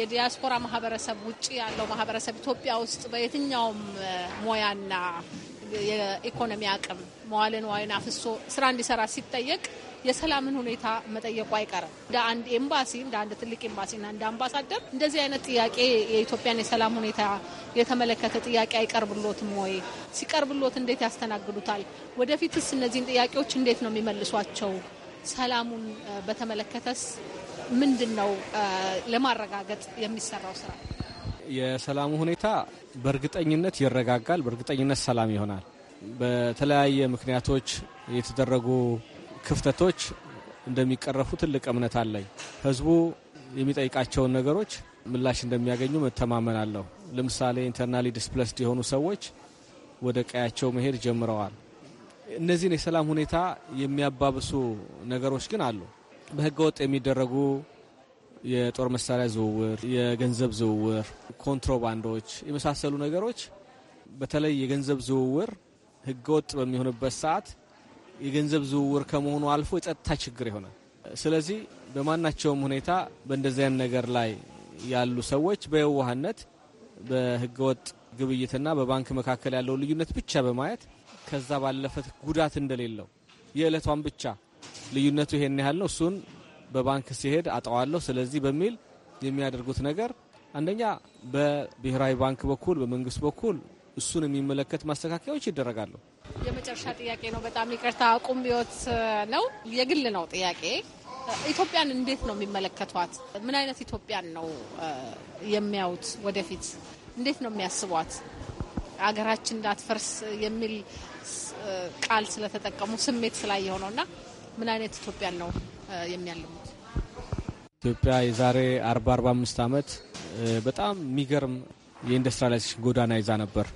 የዲያስፖራ ማህበረሰብ ውጭ ያለው ማህበረሰብ ኢትዮጵያ ውስጥ በየትኛውም ሙያና የኢኮኖሚ አቅም መዋለ ንዋይን አፍሶ ስራ እንዲሰራ ሲጠየቅ የሰላምን ሁኔታ መጠየቁ አይቀርም። እንደ አንድ ኤምባሲ እንደ አንድ ትልቅ ኤምባሲና እንደ አምባሳደር እንደዚህ አይነት ጥያቄ የኢትዮጵያን የሰላም ሁኔታ የተመለከተ ጥያቄ አይቀርብሎትም ወይ? ሲቀርብሎት እንዴት ያስተናግዱታል? ወደፊትስ እነዚህን ጥያቄዎች እንዴት ነው የሚመልሷቸው? ሰላሙን በተመለከተስ ምንድን ነው ለማረጋገጥ የሚሰራው ስራ?
የሰላሙ ሁኔታ በእርግጠኝነት ይረጋጋል፣ በእርግጠኝነት ሰላም ይሆናል። በተለያየ ምክንያቶች የተደረጉ ክፍተቶች እንደሚቀረፉ ትልቅ እምነት አለኝ። ህዝቡ የሚጠይቃቸውን ነገሮች ምላሽ እንደሚያገኙ መተማመን አለሁ። ለምሳሌ ኢንተርናሊ ዲስፕለስድ የሆኑ ሰዎች ወደ ቀያቸው መሄድ ጀምረዋል። እነዚህን የሰላም ሁኔታ የሚያባብሱ ነገሮች ግን አሉ። በህገ ወጥ የሚደረጉ የጦር መሳሪያ ዝውውር፣ የገንዘብ ዝውውር፣ ኮንትሮባንዶች የመሳሰሉ ነገሮች በተለይ የገንዘብ ዝውውር ህገወጥ በሚሆንበት ሰዓት የገንዘብ ዝውውር ከመሆኑ አልፎ የጸጥታ ችግር ይሆናል። ስለዚህ በማናቸውም ሁኔታ በእንደዚያን ነገር ላይ ያሉ ሰዎች በየዋህነት በህገወጥ ግብይትና በባንክ መካከል ያለው ልዩነት ብቻ በማየት ከዛ ባለፈት ጉዳት እንደሌለው የዕለቷን ብቻ ልዩነቱ ይሄን ያህል ነው እሱን በባንክ ሲሄድ አጣዋለሁ፣ ስለዚህ በሚል የሚያደርጉት ነገር አንደኛ በብሔራዊ ባንክ በኩል በመንግስት በኩል እሱን የሚመለከት ማስተካከያዎች ይደረጋሉ።
የመጨረሻ ጥያቄ ነው። በጣም ይቅርታ። አቁም ነው የግል ነው ጥያቄ። ኢትዮጵያን እንዴት ነው የሚመለከቷት? ምን አይነት ኢትዮጵያን ነው የሚያዩት? ወደፊት እንዴት ነው የሚያስቧት? አገራችን እንዳትፈርስ የሚል ቃል ስለተጠቀሙ ስሜት ስላየሆነው እና ምን አይነት ኢትዮጵያን ነው የሚያልሙት?
ኢትዮጵያ የዛሬ 40 45 ዓመት በጣም የሚገርም የኢንዱስትሪላይዜሽን ጎዳና ይዛ ነበር።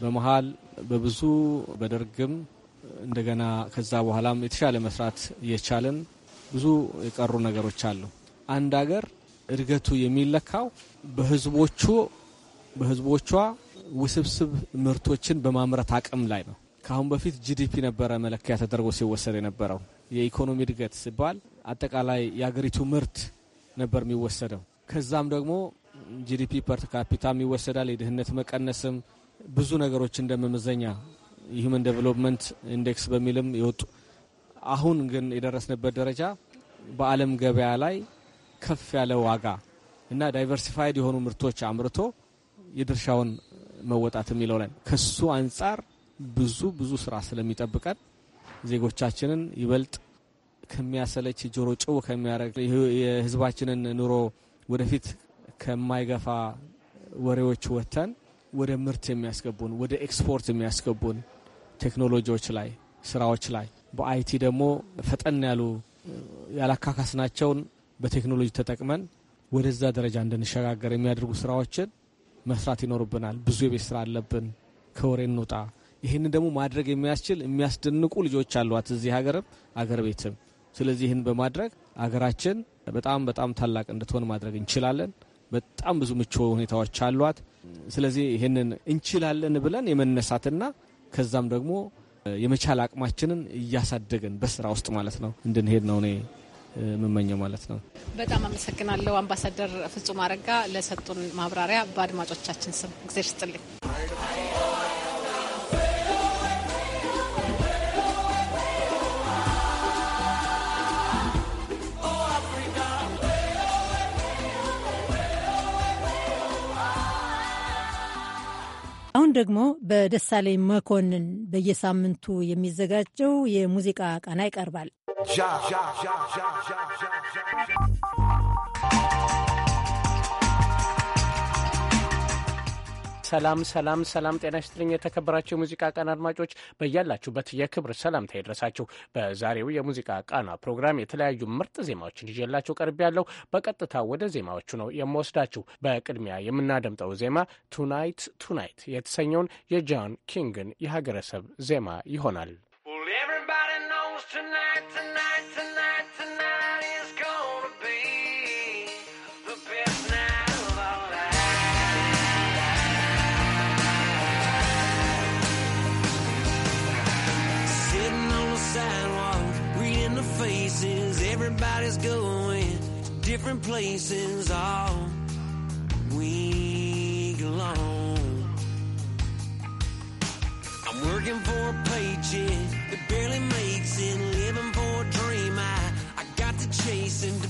በመሀል በብዙ በደርግም እንደገና ከዛ በኋላም የተሻለ መስራት እየቻልን ብዙ የቀሩ ነገሮች አሉ። አንድ ሀገር እድገቱ የሚለካው በህዝቦቹ በህዝቦቿ ውስብስብ ምርቶችን በማምረት አቅም ላይ ነው። ከአሁን በፊት ጂዲፒ ነበረ መለኪያ ተደርጎ ሲወሰድ የነበረው። የኢኮኖሚ እድገት ሲባል አጠቃላይ የአገሪቱ ምርት ነበር የሚወሰደው። ከዛም ደግሞ ጂዲፒ ፐር ካፒታም ይወሰዳል። የድህነት መቀነስም ብዙ ነገሮች እንደመመዘኛ መመዘኛ ሂውመን ዴቨሎፕመንት ኢንዴክስ በሚልም የወጡ አሁን ግን የደረስንበት ደረጃ በዓለም ገበያ ላይ ከፍ ያለ ዋጋ እና ዳይቨርሲፋይድ የሆኑ ምርቶች አምርቶ የድርሻውን መወጣት የሚለው ላይ ከሱ አንጻር ብዙ ብዙ ስራ ስለሚጠብቀን ዜጎቻችንን ይበልጥ ከሚያሰለች ጆሮ ጭው ከሚያደርግ የህዝባችንን ኑሮ ወደፊት ከማይገፋ ወሬዎች ወጥተን ወደ ምርት የሚያስገቡን ወደ ኤክስፖርት የሚያስገቡን ቴክኖሎጂዎች ላይ ስራዎች ላይ በአይቲ ደግሞ ፈጠን ያሉ ያላካካስናቸውን በቴክኖሎጂ ተጠቅመን ወደዛ ደረጃ እንድንሸጋገር የሚያደርጉ ስራዎችን መስራት ይኖርብናል። ብዙ የቤት ስራ አለብን። ከወሬ እንውጣ። ይህንን ደግሞ ማድረግ የሚያስችል የሚያስደንቁ ልጆች አሏት እዚህ ሀገርም አገር ቤትም ስለዚህ ይህን በማድረግ አገራችን በጣም በጣም ታላቅ እንድትሆን ማድረግ እንችላለን። በጣም ብዙ ምቹ ሁኔታዎች አሏት። ስለዚህ ይህንን እንችላለን ብለን የመነሳትና ከዛም ደግሞ የመቻል አቅማችንን እያሳደግን በስራ ውስጥ ማለት ነው እንድንሄድ ነው እኔ የምመኘው
ማለት ነው። በጣም አመሰግናለሁ አምባሳደር ፍጹም አረጋ ለሰጡን ማብራሪያ በአድማጮቻችን ስም እግዚአብሔር ይስጥልኝ።
ደግሞ በደሳለኝ መኮንን በየሳምንቱ የሚዘጋጀው የሙዚቃ ቃና ይቀርባል።
ሰላም ሰላም ሰላም፣ ጤና ይስጥልኝ የተከበራቸው የሙዚቃ ቃና አድማጮች በያላችሁበት የክብር ሰላምታ ይድረሳችሁ። በዛሬው የሙዚቃ ቃና ፕሮግራም የተለያዩ ምርጥ ዜማዎችን ይዤላችሁ ቀርብ ያለው በቀጥታ ወደ ዜማዎቹ ነው የምወስዳችሁ። በቅድሚያ የምናደምጠው ዜማ ቱናይት ቱናይት የተሰኘውን የጃን ኪንግን የሀገረሰብ ዜማ ይሆናል።
Everybody's going different places all week long. I'm working for a paycheck that barely makes it, living for a dream I, I got to chase and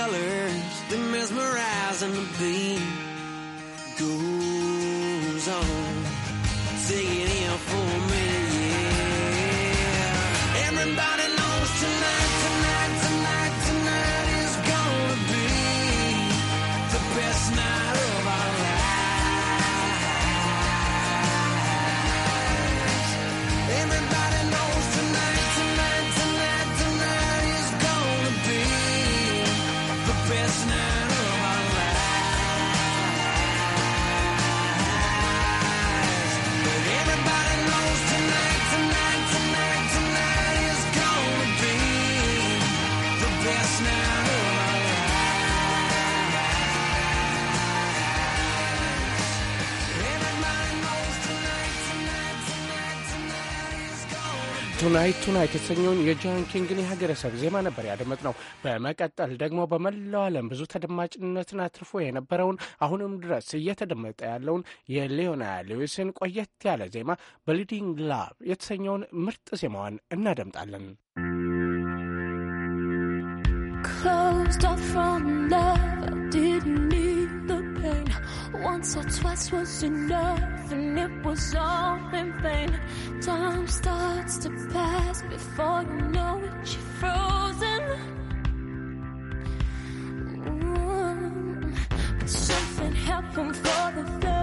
colors that mesmerize the beat goes on. Singing in for me. yeah. Everybody
ብራይት ቱናይት የተሰኘውን የጆን ኪንግን የሀገረሰብ ዜማ ነበር ነው በመቀጠል ደግሞ በመላው ዓለም ብዙ ተደማጭነትን አትርፎ የነበረውን አሁንም ድረስ እየተደመጠ ያለውን የሌዮና ሌዊስን ቆየት ያለ ዜማ በሊዲንግ ላቭ የተሰኘውን ምርጥ ዜማዋን እናደምጣለን።
Closed off from love Once or twice was enough, and it was all in vain. Time starts to pass before you know it, you're frozen. Mm -hmm. Something happened for the third.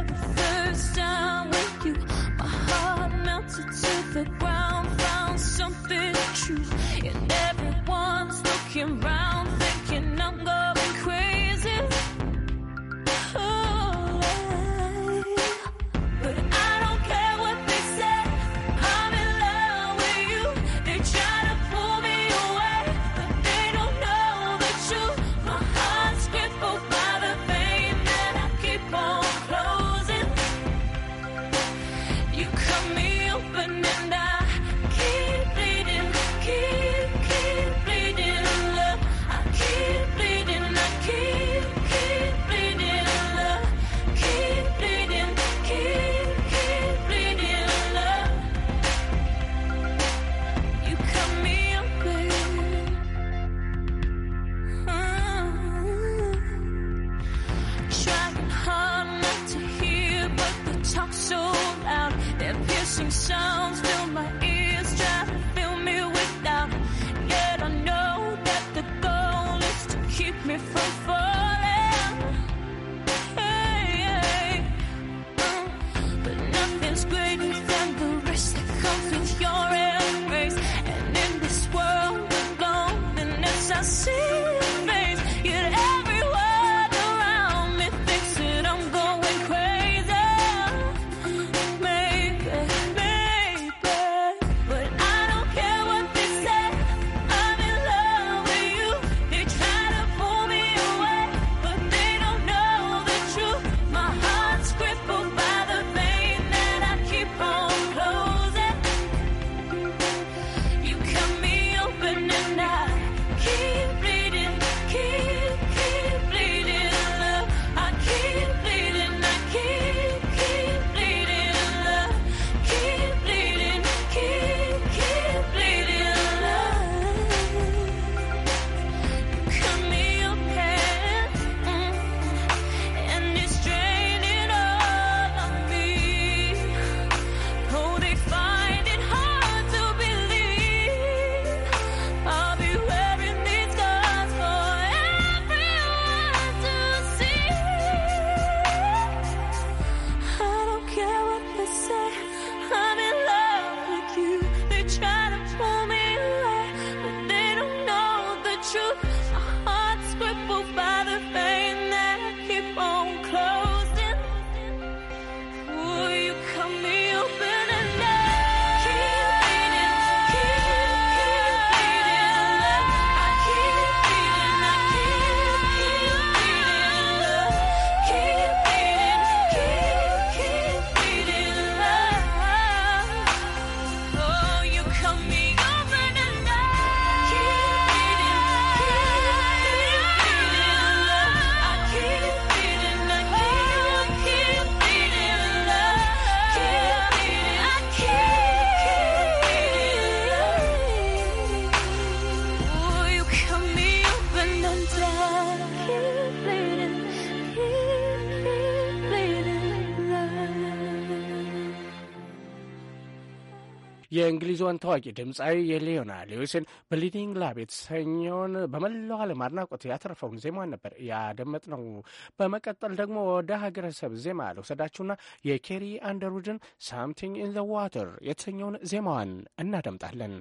የእንግሊዟን ታዋቂ ድምፃዊ የሊዮና ሊዊስን ብሊዲንግ ላብ የተሰኘውን በመላው ዓለም አድናቆት ያተረፈውን ዜማዋን ነበር ያደመጥነው። በመቀጠል ደግሞ ወደ ሀገረሰብ ዜማ ልውሰዳችሁና የኬሪ አንደርውድን ሳምቲንግ ኢን ዘ ዋተር የተሰኘውን ዜማዋን እናደምጣለን።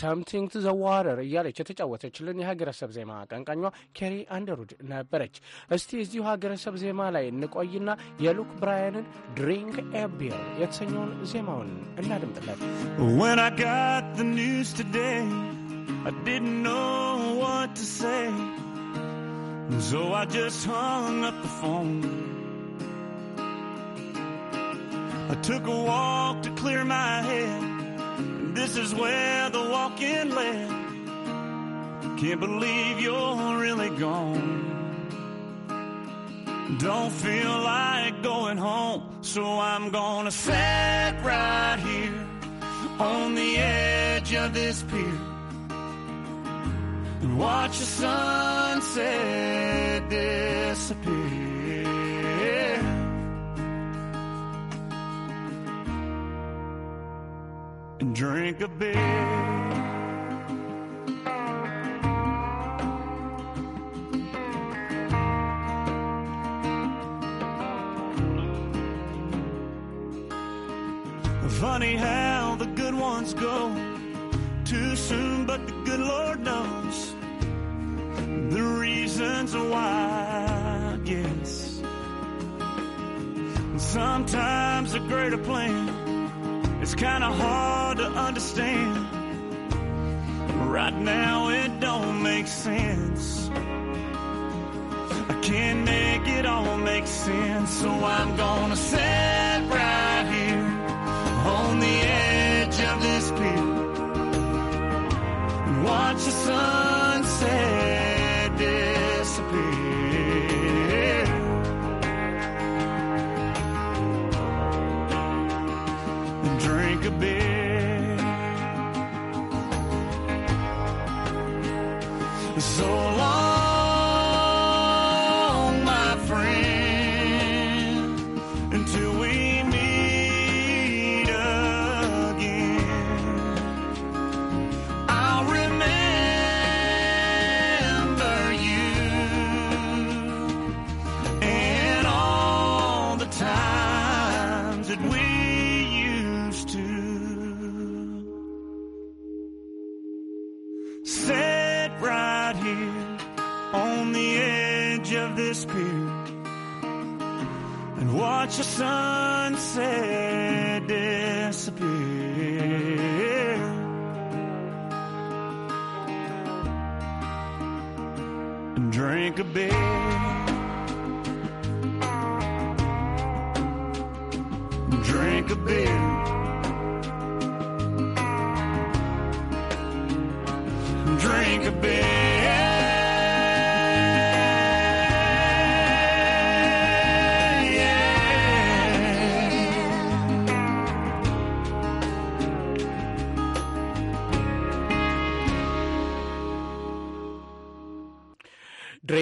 ሳምቲንግ ቱ ዘ ዋተር እያለች የተጫወተችልን የሀገረሰብ ዜማ አቀንቃኟ ኬሪ አንደርውድ ነበረች። እስቲ እዚሁ ሀገረሰብ ዜማ ላይ እንቆይና የሉክ ብራያንን ድሪንክ ኤ ቢር የተሰኘውን ዜማውን እናድምጥለት።
When I got the news today, I didn't know what to say. So I just hung up the phone. I took a walk to clear my head. This is where the walking led. Can't believe you're really gone. Don't feel like going home, so I'm gonna sit right here on the edge of this pier and watch the sunset. Dead. and drink a beer. Funny how the good ones go too soon, but the good Lord knows the reasons why. Yes, sometimes a greater plan it's kind of hard to understand. Right now, it don't make sense. I can't make it all make sense, so I'm gonna sit right here on the edge of this pier and watch the sun.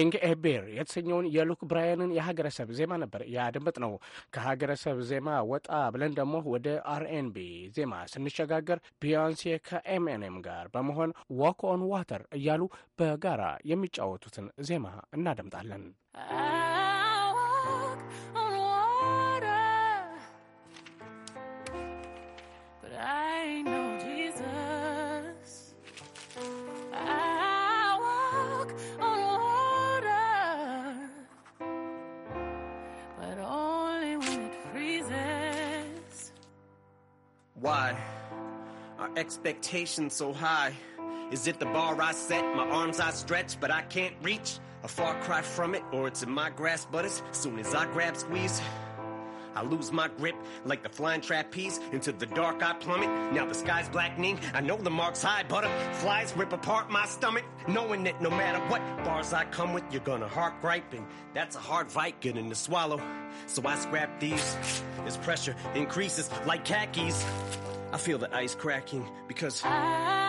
ሲንግ ኤቤር የተሰኘውን የሉክ ብራያንን የሀገረሰብ ዜማ ነበር ያድምጥ ነው። ከሀገረሰብ ዜማ ወጣ ብለን ደግሞ ወደ አርኤንቢ ዜማ ስንሸጋገር ቢዮንሴ ከኤምኤንኤም ጋር በመሆን ዋክ ኦን ዋተር እያሉ በጋራ የሚጫወቱትን ዜማ እናደምጣለን።
Why are expectations so high? Is it the bar I set? My arms I stretch, but I can't reach. A far cry from it, or it's in my grasp, but as soon as I grab, squeeze. I lose my grip like the flying trapeze. Into the dark I plummet. Now the sky's blackening. I know the mark's high, but flies rip apart my stomach. Knowing that no matter what bars I come with, you're gonna heart gripe, and that's a hard fight getting to swallow. So I scrap these. As pressure increases like khakis, I feel the ice cracking because. I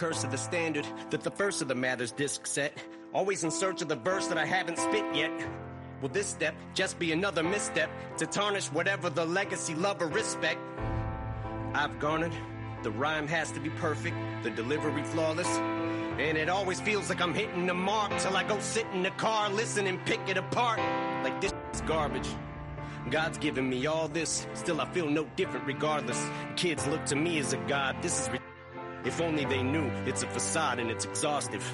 curse of the standard that the first of the Mathers disc set. Always in search of the verse that I haven't spit yet. Will this step just be another misstep to tarnish whatever the legacy, love, or respect I've garnered? The rhyme has to be perfect, the delivery flawless. And it always feels like I'm hitting the mark till I go sit in the car, listen, and pick it apart. Like this is garbage. God's given me all this, still I feel no different regardless. Kids look to me as a god, this is ridiculous. If only they knew it's a facade and it's exhaustive.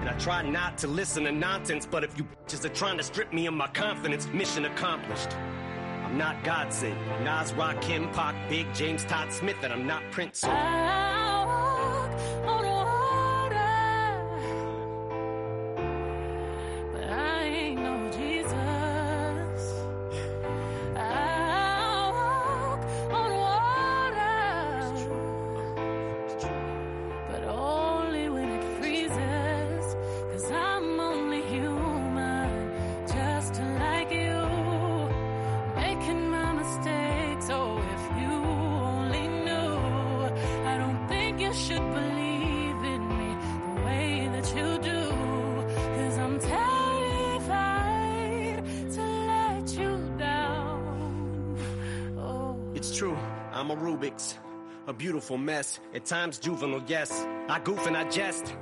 And I try not to listen to nonsense, but if you bitches are trying to strip me of my confidence, mission accomplished. I'm not Godson, Nas, Kim, Pac, Big James, Todd Smith, and I'm not Prince.
should believe in me the way that you do. Cause I'm terrified to let you down. Oh. It's
true, I'm a Rubik's, a beautiful mess. At times juvenile, yes. I goof and I jest.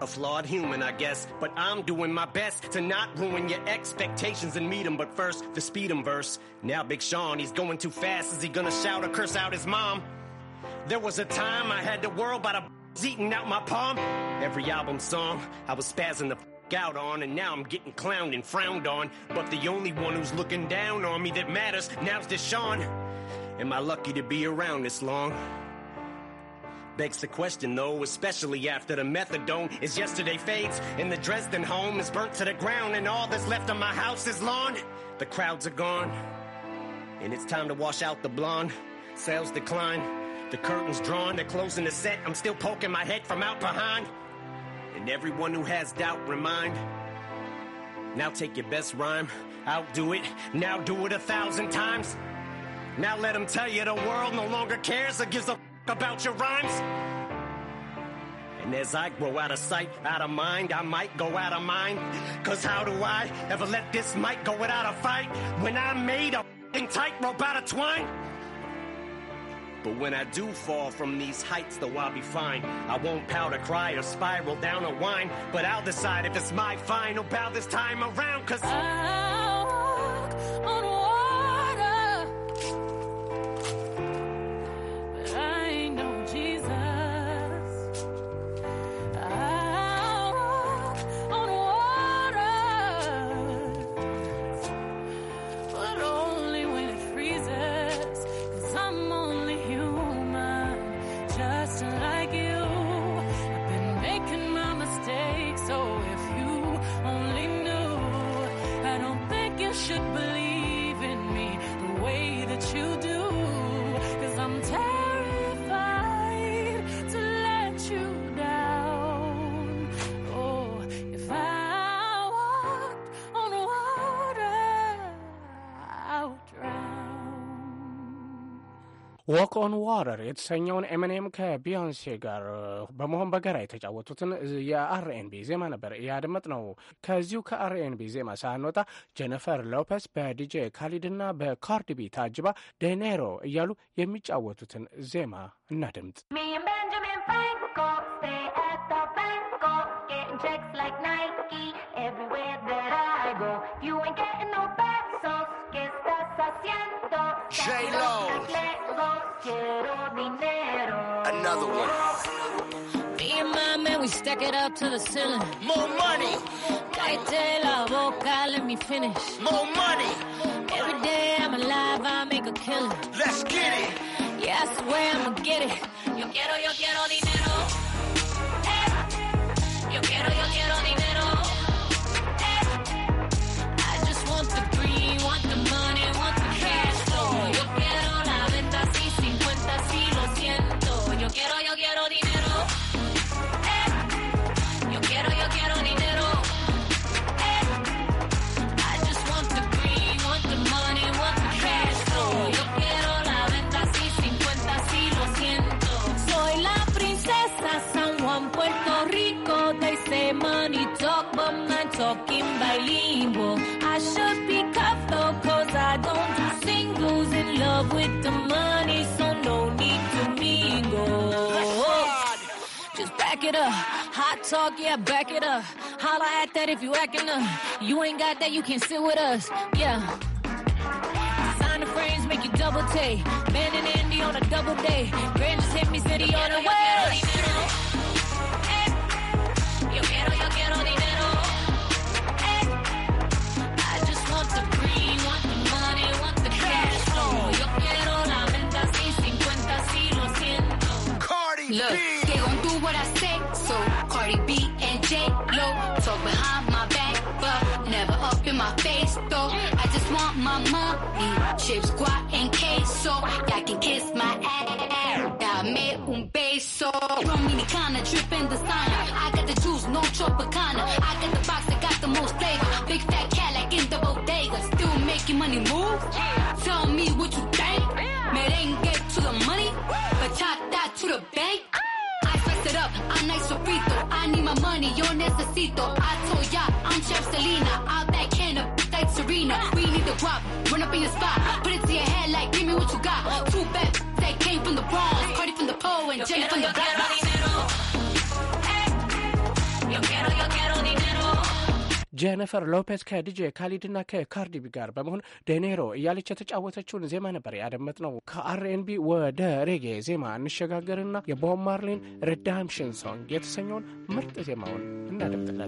A flawed human, I guess, but I'm doing my best to not ruin your expectations and meet 'em. But first, the speed 'em verse. Now Big Sean, he's going too fast. Is he gonna shout or curse out his mom? There was a time I had the world by the eating out my palm. Every album song I was spazzing the out on, and now I'm getting clowned and frowned on. But the only one who's looking down on me that matters now's Deshaun. Am I lucky to be around this long? Begs the question though, especially after the methadone is yesterday fades, and the Dresden home is burnt to the ground, and all that's left of my house is lawn. The crowds are gone, and it's time to wash out the blonde. Sales decline, the curtain's drawn, they're closing the set. I'm still poking my head from out behind. And everyone who has doubt, remind. Now take your best rhyme, outdo it, now do it a thousand times. Now let them tell you the world no longer cares or gives a f- about your rhymes. And as I grow out of sight, out of mind, I might go out of mind. Cause how do I ever let this mic go without a fight when I made a f***ing tightrope out of twine? But when I do fall from these heights, though I'll be fine. I won't powder cry or spiral down or whine, but I'll decide if it's my final bow this time
around, cause I'll walk on water.
ዎክ ኦን ዋተር የተሰኘውን ኤምኔም ከቢዮንሴ ጋር uh, በመሆን በጋራ የተጫወቱትን uh, የአርኤንቢ ዜማ ነበር ያድምጥ ነው። ከዚሁ ከአርኤንቢ ዜማ ሳንወጣ ጀነፈር ሎፐስ በዲጄ ካሊድና በካርድቢ ታጅባ ደኔሮ እያሉ የሚጫወቱትን ዜማ እናድምጥ።
Another one. Me and my man, we stack it up to the ceiling. More money. Cállate la boca, let me finish. More money. Every day I'm alive, I make a killing. Let's get it. Yeah, I swear I'ma get it. Yo quiero, yo quiero dinero. it up. Hot talk, yeah, back it up. Holla at that if you acting up. You ain't got that, you can sit with us. Yeah. Sign the frames, make you double take. and Andy on a double day. Grand just hit me, on the way. Look. my mami. Chips, guac, and queso. Y'all can kiss my ass. Dame un beso. Dominicana, dripping the sauna. I got the juice, no tropicana. I got the box that got the most flavor. Big fat cat like in the bodega. Still making money move. Tell me what you think. Merengue to the money. Bachata to the bank. I spice it up, I'm nice sofrito. I need my money, yo necesito. I told ya, I'm Chef Selena. I'll backhand a like Serena. We need the drop. run up in your spot. Put it to your head like, give me what you
got. Two bad that came from the Bronx, Cardi from the pole, and Jenny from the block.
Yo quiero, yo quiero
dinero.
ጄኒፈር ሎፔዝ ከዲጄ ካሊድና ከካርዲቢ ጋር በመሆን ዴኔሮ እያለች የተጫወተችውን ዜማ ነበር ያደመጥ ነው። ከአርኤንቢ ወደ ሬጌ ዜማ እንሸጋገርና የቦብ ማርሊን ሬዳምሽን ሶንግ የተሰኘውን ምርጥ ዜማውን እናደምጥለት።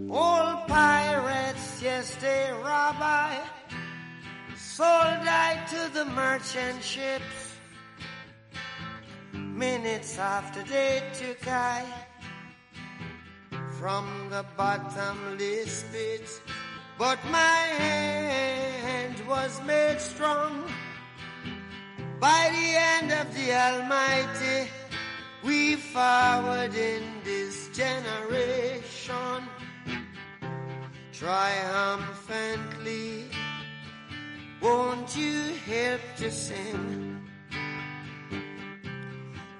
Minutes after they took I from the bottomless pit, but my hand was made strong by the hand of the Almighty. We forward in this generation triumphantly. Won't you help to sing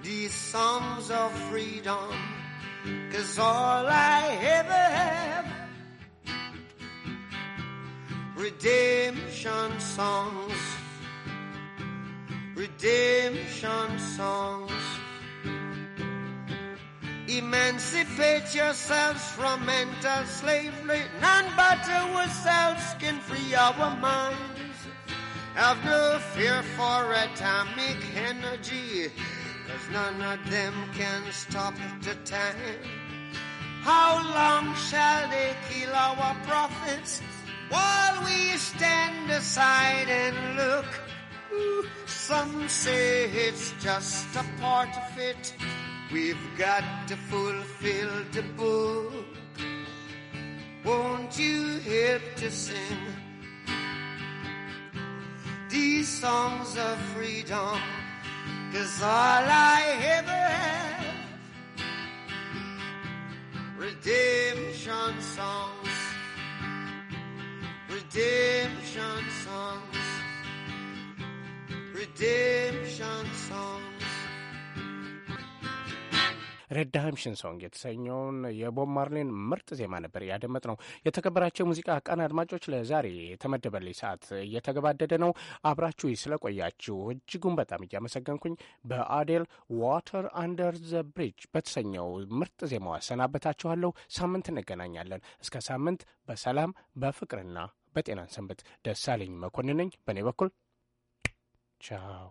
these songs of freedom? Cause all I ever have Redemption songs Redemption songs Emancipate yourselves from mental slavery None but ourselves can free our minds Have no fear for atomic energy none of them can stop the time. How long shall they kill our prophets while we stand aside and look? some say it's just a part of it. We've got to fulfill the book. Won't you help to sing these songs of freedom? Cause all I ever have, Redemption songs Redemption songs Redemption songs
ሬዳምሽን ሶንግ የተሰኘውን የቦብ ማርሌን ምርጥ ዜማ ነበር ያደመጥ ነው። የተከበራቸው የሙዚቃ ቀን አድማጮች፣ ለዛሬ የተመደበልኝ ሰዓት እየተገባደደ ነው። አብራችሁ ስለቆያችሁ እጅጉን በጣም እያመሰገንኩኝ በአዴል ዋተር አንደር ዘ ብሪጅ በተሰኘው ምርጥ ዜማዋ ሰናበታችኋለሁ። ሳምንት እንገናኛለን። እስከ ሳምንት በሰላም በፍቅርና በጤናን ሰንበት። ደሳለኝ መኮንን ነኝ። በእኔ በኩል ቻው።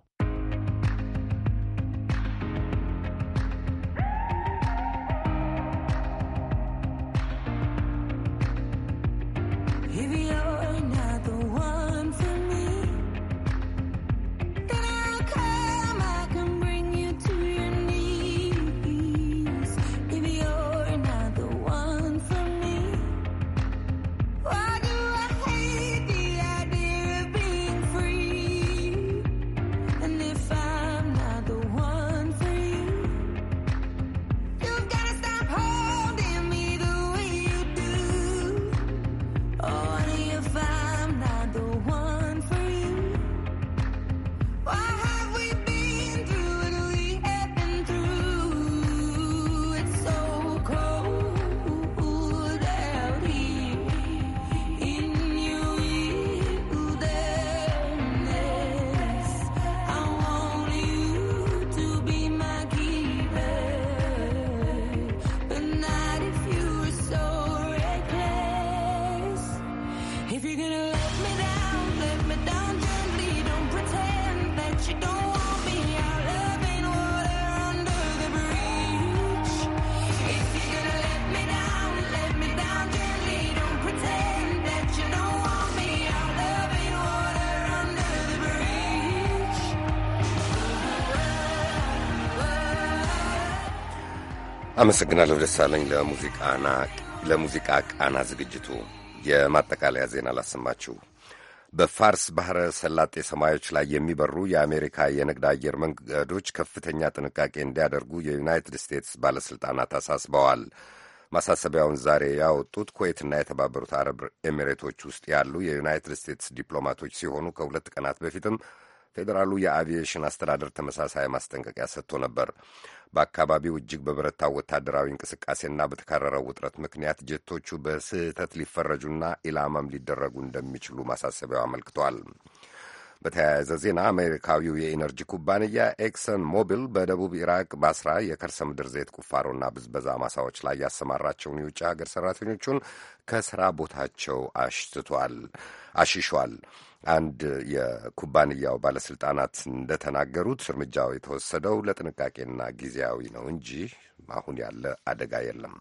አመሰግናለሁ ደሳለኝ። ለሙዚቃ ቃና ዝግጅቱ የማጠቃለያ ዜና ላሰማችሁ። በፋርስ ባሕረ ሰላጤ ሰማዮች ላይ የሚበሩ የአሜሪካ የንግድ አየር መንገዶች ከፍተኛ ጥንቃቄ እንዲያደርጉ የዩናይትድ ስቴትስ ባለሥልጣናት አሳስበዋል። ማሳሰቢያውን ዛሬ ያወጡት ኩዌትና የተባበሩት አረብ ኤሚሬቶች ውስጥ ያሉ የዩናይትድ ስቴትስ ዲፕሎማቶች ሲሆኑ ከሁለት ቀናት በፊትም ፌዴራሉ የአቪዬሽን አስተዳደር ተመሳሳይ ማስጠንቀቂያ ሰጥቶ ነበር። በአካባቢው እጅግ በበረታው ወታደራዊ እንቅስቃሴና በተካረረው ውጥረት ምክንያት ጀቶቹ በስህተት ሊፈረጁና ኢላማም ሊደረጉ እንደሚችሉ ማሳሰቢያው አመልክቷል። በተያያዘ ዜና አሜሪካዊው የኢነርጂ ኩባንያ ኤክሰን ሞቢል በደቡብ ኢራቅ ባስራ የከርሰ ምድር ዘይት ቁፋሮና ብዝበዛ ማሳዎች ላይ ያሰማራቸውን የውጭ ሀገር ሰራተኞቹን ከስራ ቦታቸው አሽትቷል አሽሿል። አንድ የኩባንያው ባለስልጣናት እንደተናገሩት እርምጃው የተወሰደው ለጥንቃቄና ጊዜያዊ ነው እንጂ አሁን ያለ አደጋ የለም።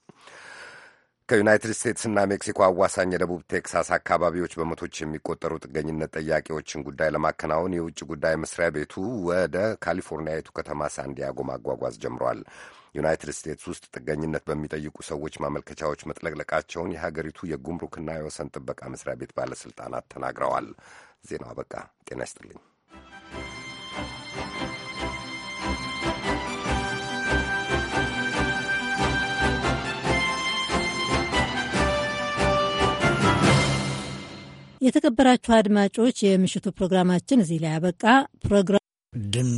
ከዩናይትድ ስቴትስና ሜክሲኮ አዋሳኝ የደቡብ ቴክሳስ አካባቢዎች በመቶች የሚቆጠሩ ጥገኝነት ጠያቂዎችን ጉዳይ ለማከናወን የውጭ ጉዳይ መስሪያ ቤቱ ወደ ካሊፎርኒያዊቱ ከተማ ሳንዲያጎ ማጓጓዝ ጀምሯል። ዩናይትድ ስቴትስ ውስጥ ጥገኝነት በሚጠይቁ ሰዎች ማመልከቻዎች መጥለቅለቃቸውን የሀገሪቱ የጉምሩክና የወሰን ጥበቃ መስሪያ ቤት ባለስልጣናት ተናግረዋል። ዜናው አበቃ። ጤና ይስጥልኝ።
የተከበራችሁ አድማጮች፣ የምሽቱ ፕሮግራማችን እዚህ ላይ አበቃ። ፕሮግራም
ድምፅ